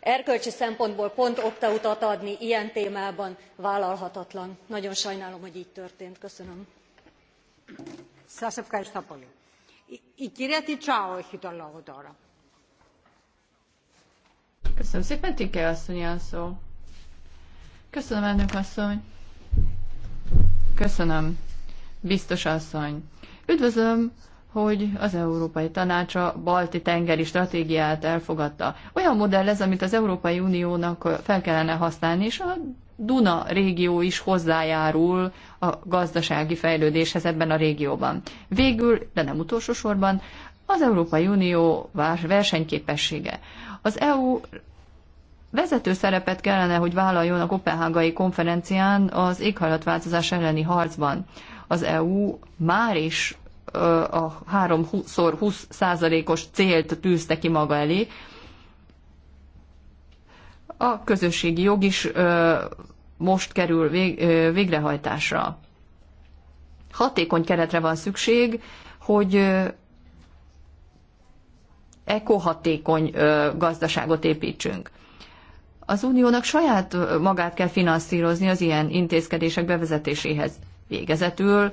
erkölcsi szempontból pont opt out t adni ilyen témában vállalhatatlan. nagyon sajnálom hogy gy történt. köszönöm. Köszönöm szépen, Tinke asszony Köszönöm, elnök asszony. Köszönöm, biztos asszony. Üdvözlöm hogy az Európai Tanács a balti tengeri stratégiát elfogadta. Olyan modell ez, amit az Európai Uniónak fel kellene használni, és a Duna régió is hozzájárul a gazdasági fejlődéshez ebben a régióban. Végül, de nem utolsó sorban, az Európai Unió versenyképessége. Az EU vezető szerepet kellene, hogy vállaljon a Kopenhágai konferencián az éghajlatváltozás elleni harcban. Az EU már is a 3x20 százalékos célt tűzte ki maga elé. A közösségi jog is most kerül végrehajtásra. Hatékony keretre van szükség, hogy ekohatékony gazdaságot építsünk. Az uniónak saját magát kell finanszírozni az ilyen intézkedések bevezetéséhez. Végezetül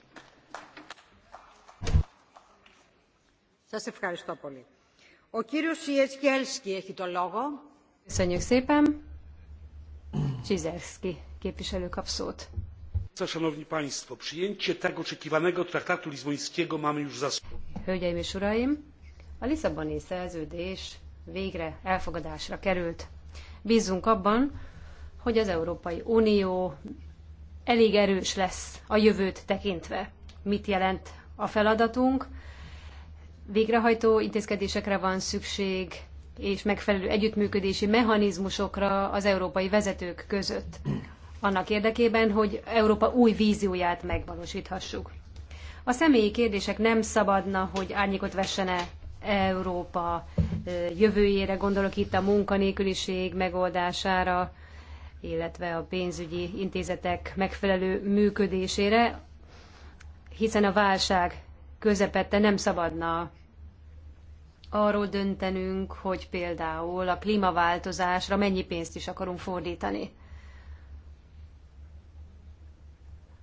Σας ευχαριστώ πολύ. Ο κύριος Σιεσκέλσκι έχει το λόγο. Köszönjük szépen. Csizerszki képviselő kap szót. Szanowni Państwo, przyjęcie tak oczekiwanego traktatu lizbońskiego mamy już za Hölgyeim és uraim, a Lisszaboni szerződés végre elfogadásra került. Bízunk abban, hogy az Európai Unió elég erős lesz a jövőt tekintve. Mit jelent a feladatunk? végrehajtó intézkedésekre van szükség, és megfelelő együttműködési mechanizmusokra az európai vezetők között, annak érdekében, hogy Európa új vízióját megvalósíthassuk. A személyi kérdések nem szabadna, hogy árnyékot vessene Európa jövőjére, gondolok itt a munkanélküliség megoldására, illetve a pénzügyi intézetek megfelelő működésére, hiszen a válság közepette nem szabadna arról döntenünk, hogy például a klímaváltozásra mennyi pénzt is akarunk fordítani.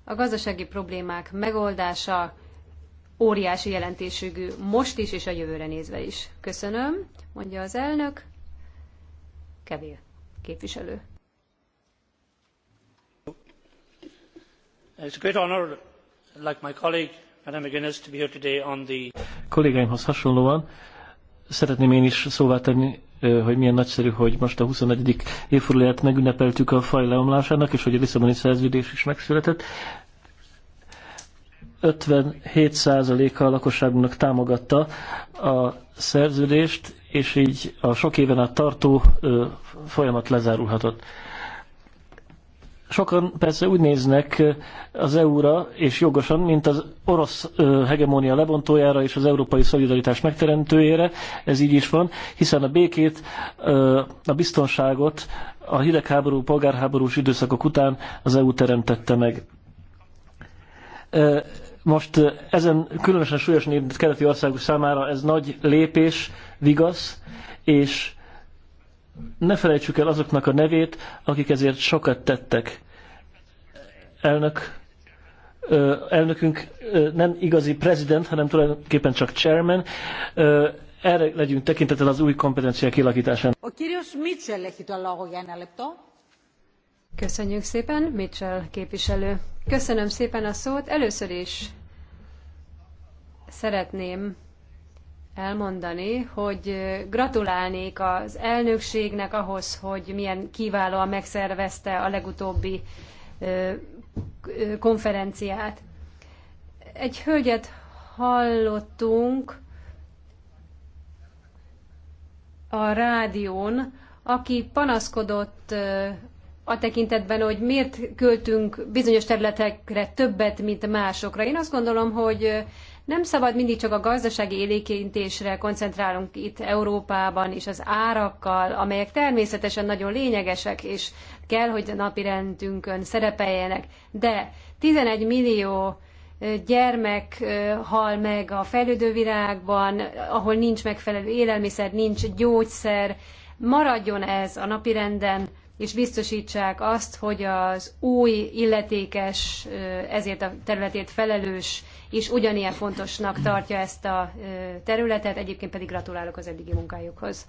A gazdasági problémák megoldása óriási jelentésségű most is és a jövőre nézve is. Köszönöm, mondja az elnök. Kevél képviselő. It's a great honor, like my colleague, Madame McGuinness, to be here today on the... Kollégáimhoz hasonlóan Szeretném én is szóvá tenni, hogy milyen nagyszerű, hogy most a 21. évfordulóját megünnepeltük a faj leomlásának, és hogy a Lisszaboni szerződés is megszületett. 57%-a a lakosságunknak támogatta a szerződést, és így a sok éven át tartó folyamat lezárulhatott. Sokan persze úgy néznek az EU-ra, és jogosan, mint az orosz hegemónia lebontójára és az európai szolidaritás megteremtőjére, ez így is van, hiszen a békét, a biztonságot a hidegháború, polgárháborús időszakok után az EU teremtette meg. Most ezen különösen súlyos keleti országok számára ez nagy lépés, vigasz, és ne felejtsük el azoknak a nevét, akik ezért sokat tettek. Elnök, elnökünk nem igazi prezident, hanem tulajdonképpen csak chairman. Erre legyünk tekintetel az új kompetenciák kilakításán. A Mitchell lehitő a Köszönjük szépen, Mitchell képviselő. Köszönöm szépen a szót. Először is szeretném elmondani, hogy gratulálnék az elnökségnek ahhoz, hogy milyen kiválóan megszervezte a legutóbbi konferenciát. Egy hölgyet hallottunk a rádión, aki panaszkodott a tekintetben, hogy miért költünk bizonyos területekre többet, mint másokra. Én azt gondolom, hogy nem szabad mindig csak a gazdasági élékintésre koncentrálunk itt Európában és az árakkal, amelyek természetesen nagyon lényegesek, és kell, hogy napirendünkön szerepeljenek. De 11 millió gyermek hal meg a fejlődő világban, ahol nincs megfelelő élelmiszer, nincs gyógyszer. Maradjon ez a napirenden, és biztosítsák azt, hogy az új illetékes, ezért a területét felelős és ugyanilyen fontosnak tartja ezt a területet, egyébként pedig gratulálok az eddigi munkájukhoz.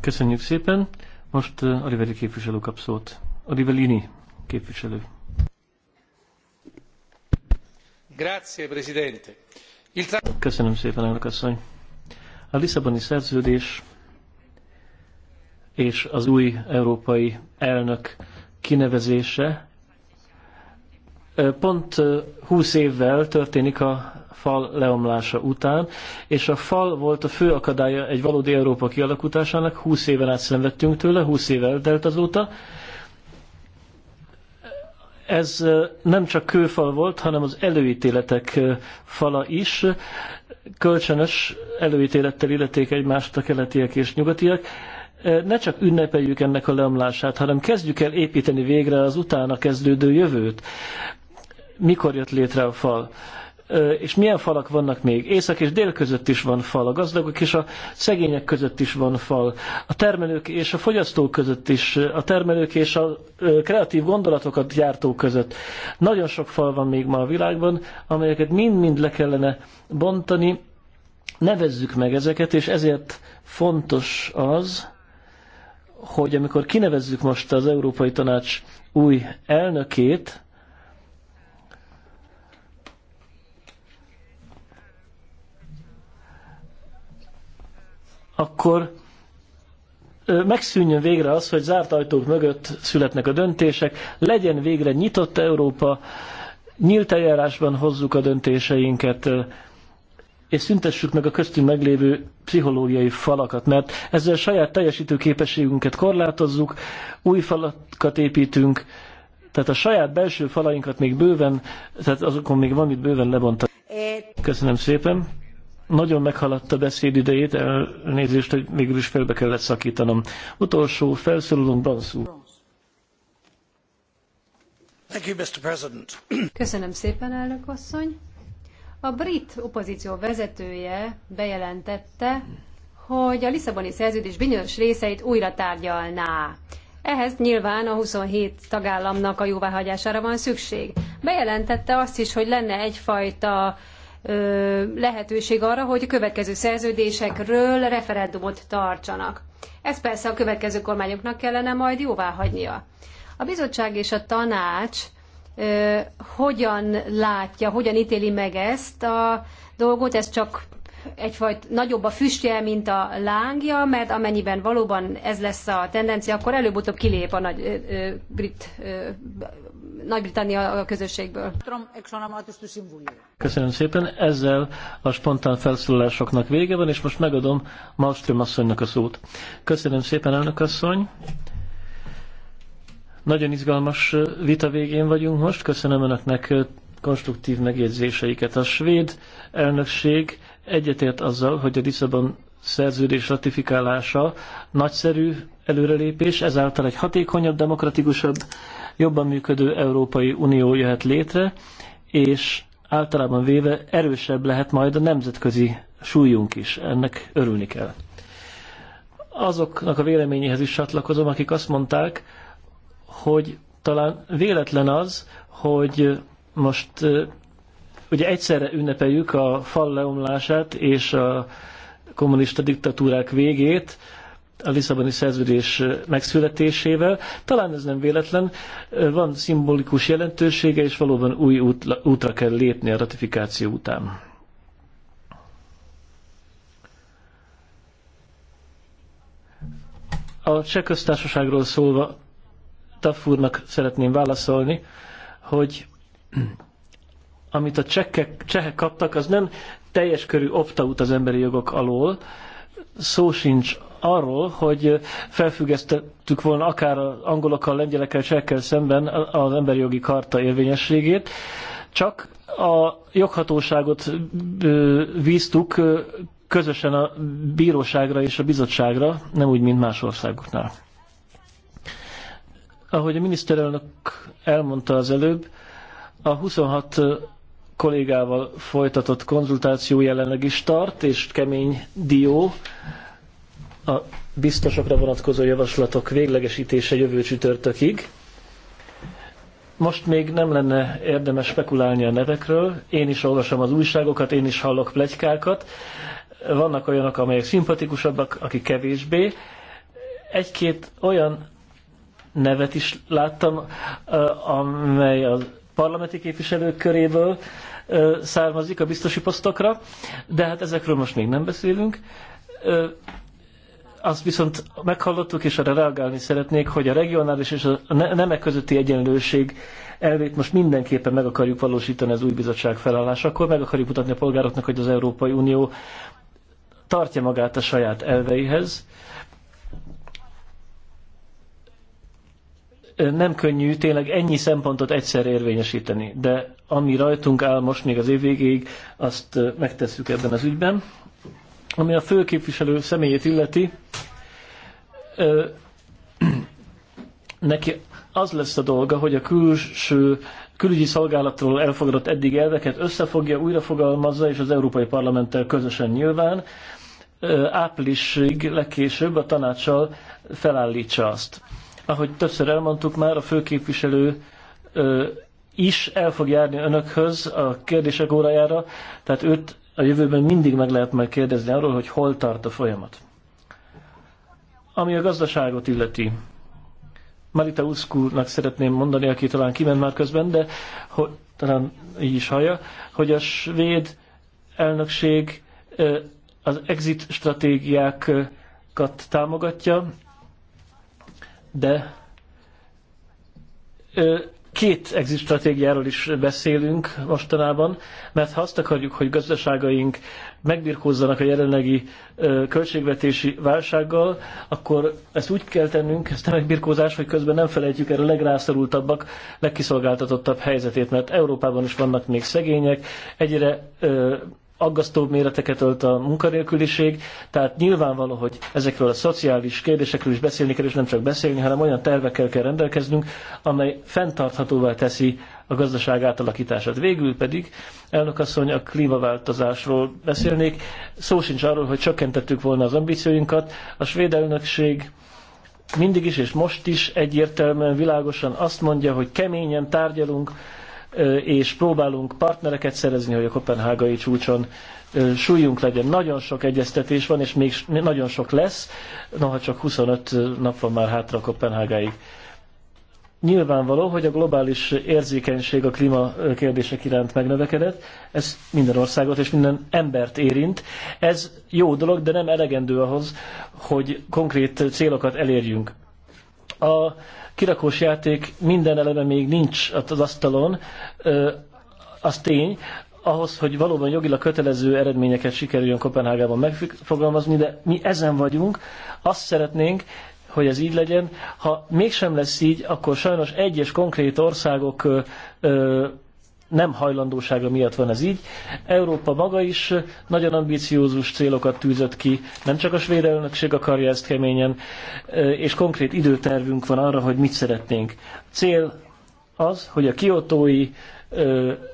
Köszönjük szépen. Most a Rivelli képviselő kap szót. A Rivellini képviselő. Grazie, Presidente. Köszönöm szépen, elnök asszony. A Lisszaboni szerződés és az új európai elnök kinevezése pont 20 évvel történik a fal leomlása után, és a fal volt a fő akadálya egy valódi Európa kialakulásának, 20 éven át szenvedtünk tőle, 20 év eltelt azóta. Ez nem csak kőfal volt, hanem az előítéletek fala is. Kölcsönös előítélettel illeték egymást a keletiek és nyugatiak ne csak ünnepeljük ennek a lemlását, hanem kezdjük el építeni végre az utána kezdődő jövőt. Mikor jött létre a fal? És milyen falak vannak még? Észak és dél között is van fal, a gazdagok és a szegények között is van fal, a termelők és a fogyasztók között is, a termelők és a kreatív gondolatokat gyártók között. Nagyon sok fal van még ma a világban, amelyeket mind-mind le kellene bontani, nevezzük meg ezeket, és ezért fontos az, hogy amikor kinevezzük most az Európai Tanács új elnökét, akkor megszűnjön végre az, hogy zárt ajtók mögött születnek a döntések, legyen végre nyitott Európa, nyílt eljárásban hozzuk a döntéseinket, és szüntessük meg a köztünk meglévő pszichológiai falakat, mert ezzel saját teljesítő képességünket korlátozzuk, új falakat építünk, tehát a saját belső falainkat még bőven, tehát azokon még van mit bőven lebontani. Köszönöm szépen. Nagyon meghaladta beszéd idejét, elnézést, hogy végül is felbe kellett szakítanom. Utolsó felszólalunk, Banszú. Köszönöm szépen, elnök asszony. A brit opozíció vezetője bejelentette, hogy a Lisszaboni szerződés bizonyos részeit újra tárgyalná. Ehhez nyilván a 27 tagállamnak a jóváhagyására van szükség. Bejelentette azt is, hogy lenne egyfajta ö, lehetőség arra, hogy a következő szerződésekről referendumot tartsanak. Ezt persze a következő kormányoknak kellene majd jóváhagynia. A bizottság és a tanács hogyan látja, hogyan ítéli meg ezt a dolgot, ez csak egyfajta nagyobb a füstje, mint a lángja, mert amennyiben valóban ez lesz a tendencia, akkor előbb-utóbb kilép a nagy, ö, brit, ö, Nagy-Britannia a közösségből. Köszönöm szépen. Ezzel a spontán felszólalásoknak vége van, és most megadom Malmström asszonynak a szót. Köszönöm szépen, elnök asszony. Nagyon izgalmas vita végén vagyunk most. Köszönöm Önöknek konstruktív megjegyzéseiket. A svéd elnökség egyetért azzal, hogy a Lisszabon szerződés ratifikálása nagyszerű előrelépés, ezáltal egy hatékonyabb, demokratikusabb, jobban működő Európai Unió jöhet létre, és általában véve erősebb lehet majd a nemzetközi súlyunk is. Ennek örülni kell. Azoknak a véleményéhez is csatlakozom, akik azt mondták, hogy talán véletlen az, hogy most ugye egyszerre ünnepeljük a fal leomlását és a kommunista diktatúrák végét, a Lisszaboni szerződés megszületésével. Talán ez nem véletlen, van szimbolikus jelentősége, és valóban új út útra kell lépni a ratifikáció után. A cseh köztársaságról szólva Tafurnak szeretném válaszolni, hogy amit a csekkek, csehek kaptak, az nem teljes körű opt-out az emberi jogok alól. Szó sincs arról, hogy felfüggesztettük volna akár az angolokkal, lengyelekkel, csehekkel szemben az emberi jogi karta érvényességét, csak a joghatóságot víztuk közösen a bíróságra és a bizottságra, nem úgy, mint más országoknál. Ahogy a miniszterelnök elmondta az előbb, a 26 kollégával folytatott konzultáció jelenleg is tart, és kemény dió a biztosokra vonatkozó javaslatok véglegesítése jövő csütörtökig. Most még nem lenne érdemes spekulálni a nevekről. Én is olvasom az újságokat, én is hallok plegykákat. Vannak olyanok, amelyek szimpatikusabbak, akik kevésbé. Egy-két olyan nevet is láttam, amely a parlamenti képviselők köréből származik a biztosi posztokra, de hát ezekről most még nem beszélünk. Azt viszont meghallottuk, és arra reagálni szeretnék, hogy a regionális és a nemek közötti egyenlőség elvét most mindenképpen meg akarjuk valósítani az új bizottság felállásakor, meg akarjuk mutatni a polgároknak, hogy az Európai Unió tartja magát a saját elveihez, nem könnyű tényleg ennyi szempontot egyszer érvényesíteni, de ami rajtunk áll most még az év végéig, azt megtesszük ebben az ügyben. Ami a főképviselő személyét illeti, neki az lesz a dolga, hogy a külső külügyi szolgálatról elfogadott eddig elveket összefogja, újrafogalmazza, és az Európai Parlamenttel közösen nyilván áprilisig legkésőbb a tanácssal felállítsa azt. Ahogy többször elmondtuk már, a főképviselő is el fog járni önökhöz a kérdések órájára, tehát őt a jövőben mindig meg lehet majd kérdezni arról, hogy hol tart a folyamat. Ami a gazdaságot illeti, Marita Uszkúrnak szeretném mondani, aki talán kiment már közben, de hogy, talán így is hallja, hogy a svéd elnökség az exit stratégiákat támogatja, de két exit stratégiáról is beszélünk mostanában, mert ha azt akarjuk, hogy gazdaságaink megbirkózzanak a jelenlegi költségvetési válsággal, akkor ezt úgy kell tennünk, ezt a megbirkózás, hogy közben nem felejtjük el a legrászorultabbak, legkiszolgáltatottabb helyzetét, mert Európában is vannak még szegények, egyre aggasztó méreteket ölt a munkanélküliség, tehát nyilvánvaló, hogy ezekről a szociális kérdésekről is beszélni kell, és nem csak beszélni, hanem olyan tervekkel kell rendelkeznünk, amely fenntarthatóvá teszi a gazdaság átalakítását. Végül pedig, elnök asszony, a klímaváltozásról beszélnék. Szó sincs arról, hogy csökkentettük volna az ambícióinkat. A svéd elnökség mindig is és most is egyértelműen világosan azt mondja, hogy keményen tárgyalunk, és próbálunk partnereket szerezni, hogy a kopenhágai csúcson súlyunk legyen. Nagyon sok egyeztetés van, és még nagyon sok lesz, noha csak 25 nap van már hátra a Kopenhágáig. Nyilvánvaló, hogy a globális érzékenység a klíma kérdések iránt megnövekedett, ez minden országot és minden embert érint. Ez jó dolog, de nem elegendő ahhoz, hogy konkrét célokat elérjünk. A kirakós játék minden eleme még nincs az asztalon, az tény, ahhoz, hogy valóban jogilag kötelező eredményeket sikerüljön Kopenhágában megfogalmazni, de mi ezen vagyunk, azt szeretnénk, hogy ez így legyen. Ha mégsem lesz így, akkor sajnos egyes konkrét országok ö, ö, nem hajlandósága miatt van ez így. Európa maga is nagyon ambiciózus célokat tűzött ki, nem csak a svéd elnökség akarja ezt keményen, és konkrét időtervünk van arra, hogy mit szeretnénk. Cél az, hogy a kiotói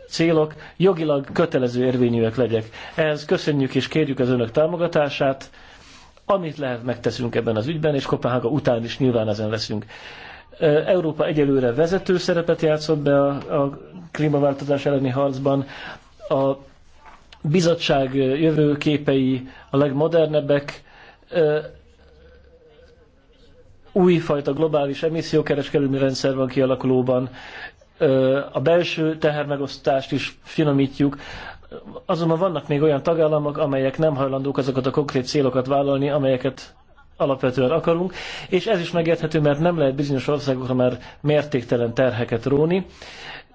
célok jogilag kötelező érvényűek legyek. Ehhez köszönjük és kérjük az önök támogatását, amit lehet megteszünk ebben az ügyben, és Kopenhága után is nyilván ezen leszünk. Európa egyelőre vezető szerepet játszott be a, a klímaváltozás elleni harcban. A bizottság jövőképei a legmodernebbek, újfajta globális emissziókereskedelmi rendszer van kialakulóban, a belső tehermegosztást is finomítjuk, azonban vannak még olyan tagállamok, amelyek nem hajlandók azokat a konkrét célokat vállalni, amelyeket alapvetően akarunk, és ez is megérthető, mert nem lehet bizonyos országokra már mértéktelen terheket róni,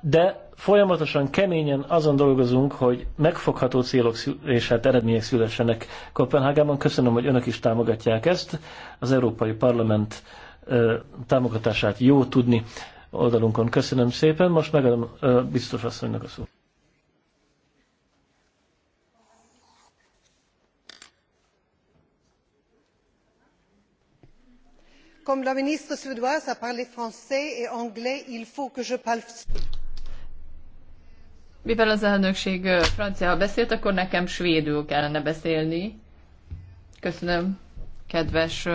de folyamatosan keményen azon dolgozunk, hogy megfogható célok és hát eredmények szülessenek Kopenhágában. Köszönöm, hogy önök is támogatják ezt. Az Európai Parlament támogatását jó tudni oldalunkon. Köszönöm szépen, most megadom biztos asszonynak a szót. comme la ministre suédoise a parlé français et anglais il faut que je parle mivel az elnökség franciául beszélt, akkor nekem svédül kellene beszélni. Köszönöm, kedves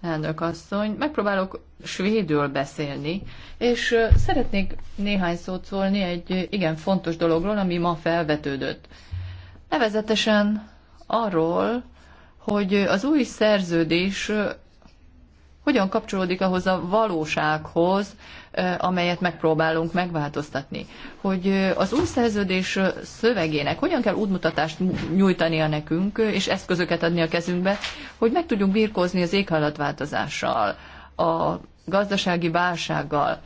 elnök asszony. Megpróbálok svédül beszélni, és szeretnék néhány szót szólni egy igen fontos dologról, ami ma felvetődött. Nevezetesen arról, hogy az új szerződés hogyan kapcsolódik ahhoz a valósághoz, amelyet megpróbálunk megváltoztatni. Hogy az új szerződés szövegének hogyan kell útmutatást nyújtania nekünk, és eszközöket adni a kezünkbe, hogy meg tudjunk birkózni az éghajlatváltozással, a gazdasági válsággal,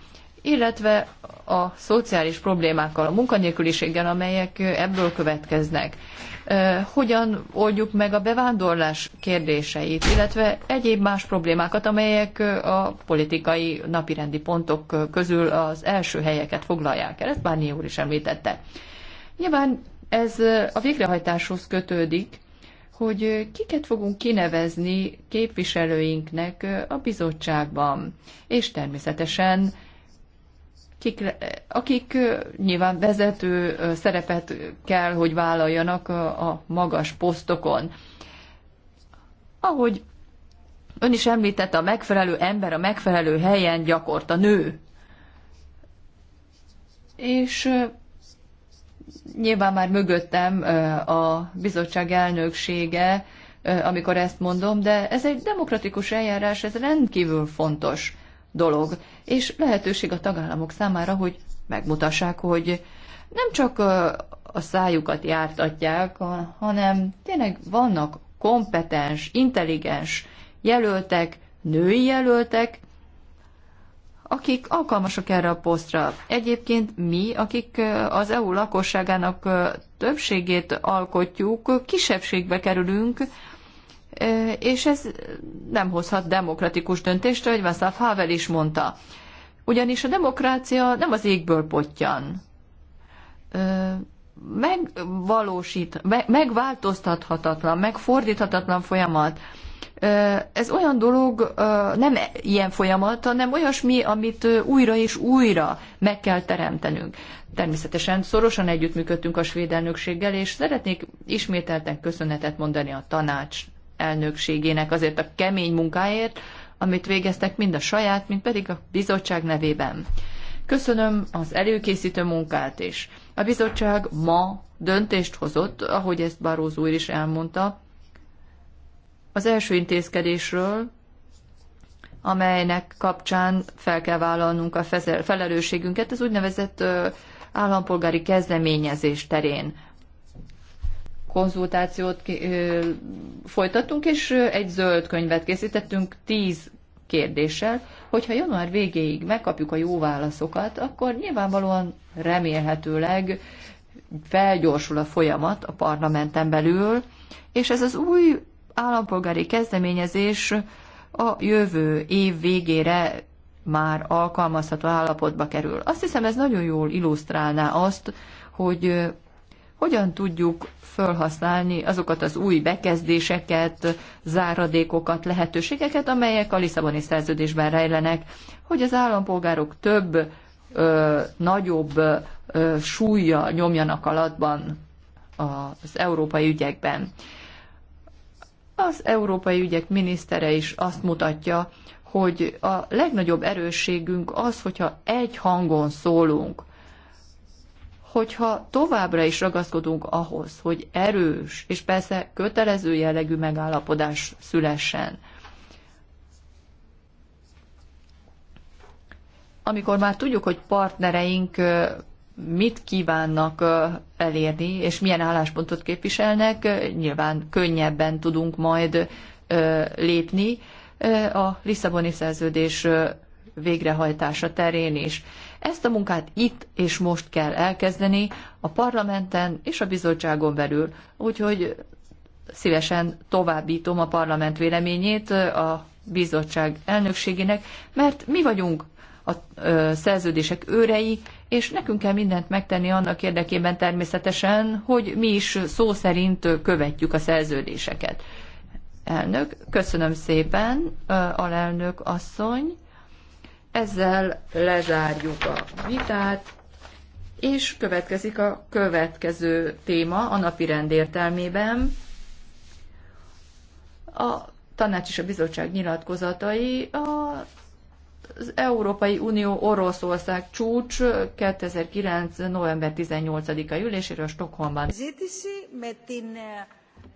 illetve a szociális problémákkal, a munkanélküliséggel, amelyek ebből következnek hogyan oldjuk meg a bevándorlás kérdéseit, illetve egyéb más problémákat, amelyek a politikai napirendi pontok közül az első helyeket foglalják el. Ezt Bárnyi úr is említette. Nyilván ez a végrehajtáshoz kötődik, hogy kiket fogunk kinevezni képviselőinknek a bizottságban, és természetesen akik, akik nyilván vezető szerepet kell, hogy vállaljanak a magas posztokon. Ahogy ön is említette, a megfelelő ember a megfelelő helyen gyakorta nő. És nyilván már mögöttem a bizottság elnöksége, amikor ezt mondom, de ez egy demokratikus eljárás, ez rendkívül fontos dolog, és lehetőség a tagállamok számára, hogy megmutassák, hogy nem csak a szájukat jártatják, hanem tényleg vannak kompetens, intelligens jelöltek, női jelöltek, akik alkalmasak erre a posztra. Egyébként mi, akik az EU lakosságának többségét alkotjuk, kisebbségbe kerülünk, és ez nem hozhat demokratikus döntést, ahogy Václav Havel is mondta. Ugyanis a demokrácia nem az égből potyan. Megvalósít, megváltoztathatatlan, megfordíthatatlan folyamat. Ez olyan dolog, nem ilyen folyamat, hanem olyasmi, amit újra és újra meg kell teremtenünk. Természetesen szorosan együttműködtünk a svéd elnökséggel, és szeretnék ismételten köszönetet mondani a tanács elnökségének azért a kemény munkáért, amit végeztek mind a saját, mind pedig a bizottság nevében. Köszönöm az előkészítő munkát is. A bizottság ma döntést hozott, ahogy ezt Barózó úr is elmondta, az első intézkedésről, amelynek kapcsán fel kell vállalnunk a felelősségünket, az úgynevezett állampolgári kezdeményezés terén konzultációt folytattunk, és egy zöld könyvet készítettünk tíz kérdéssel, hogyha január végéig megkapjuk a jó válaszokat, akkor nyilvánvalóan remélhetőleg felgyorsul a folyamat a parlamenten belül, és ez az új állampolgári kezdeményezés a jövő év végére már alkalmazható állapotba kerül. Azt hiszem, ez nagyon jól illusztrálná azt, hogy hogyan tudjuk felhasználni azokat az új bekezdéseket, záradékokat, lehetőségeket, amelyek a Lisszaboni szerződésben rejlenek, hogy az állampolgárok több, ö, nagyobb ö, súlya nyomjanak alatban az európai ügyekben. Az európai ügyek minisztere is azt mutatja, hogy a legnagyobb erősségünk az, hogyha egy hangon szólunk hogyha továbbra is ragaszkodunk ahhoz, hogy erős és persze kötelező jellegű megállapodás szülessen, amikor már tudjuk, hogy partnereink mit kívánnak elérni, és milyen álláspontot képviselnek, nyilván könnyebben tudunk majd lépni a Lisszaboni szerződés végrehajtása terén is. Ezt a munkát itt és most kell elkezdeni a parlamenten és a bizottságon belül, úgyhogy szívesen továbbítom a parlament véleményét a bizottság elnökségének, mert mi vagyunk a szerződések őrei, és nekünk kell mindent megtenni annak érdekében természetesen, hogy mi is szó szerint követjük a szerződéseket. Elnök, köszönöm szépen, alelnök asszony. Ezzel lezárjuk a vitát, és következik a következő téma a napi rend értelmében. A tanács és a bizottság nyilatkozatai a az Európai Unió Oroszország csúcs 2009. november 18-a üléséről Stockholmban.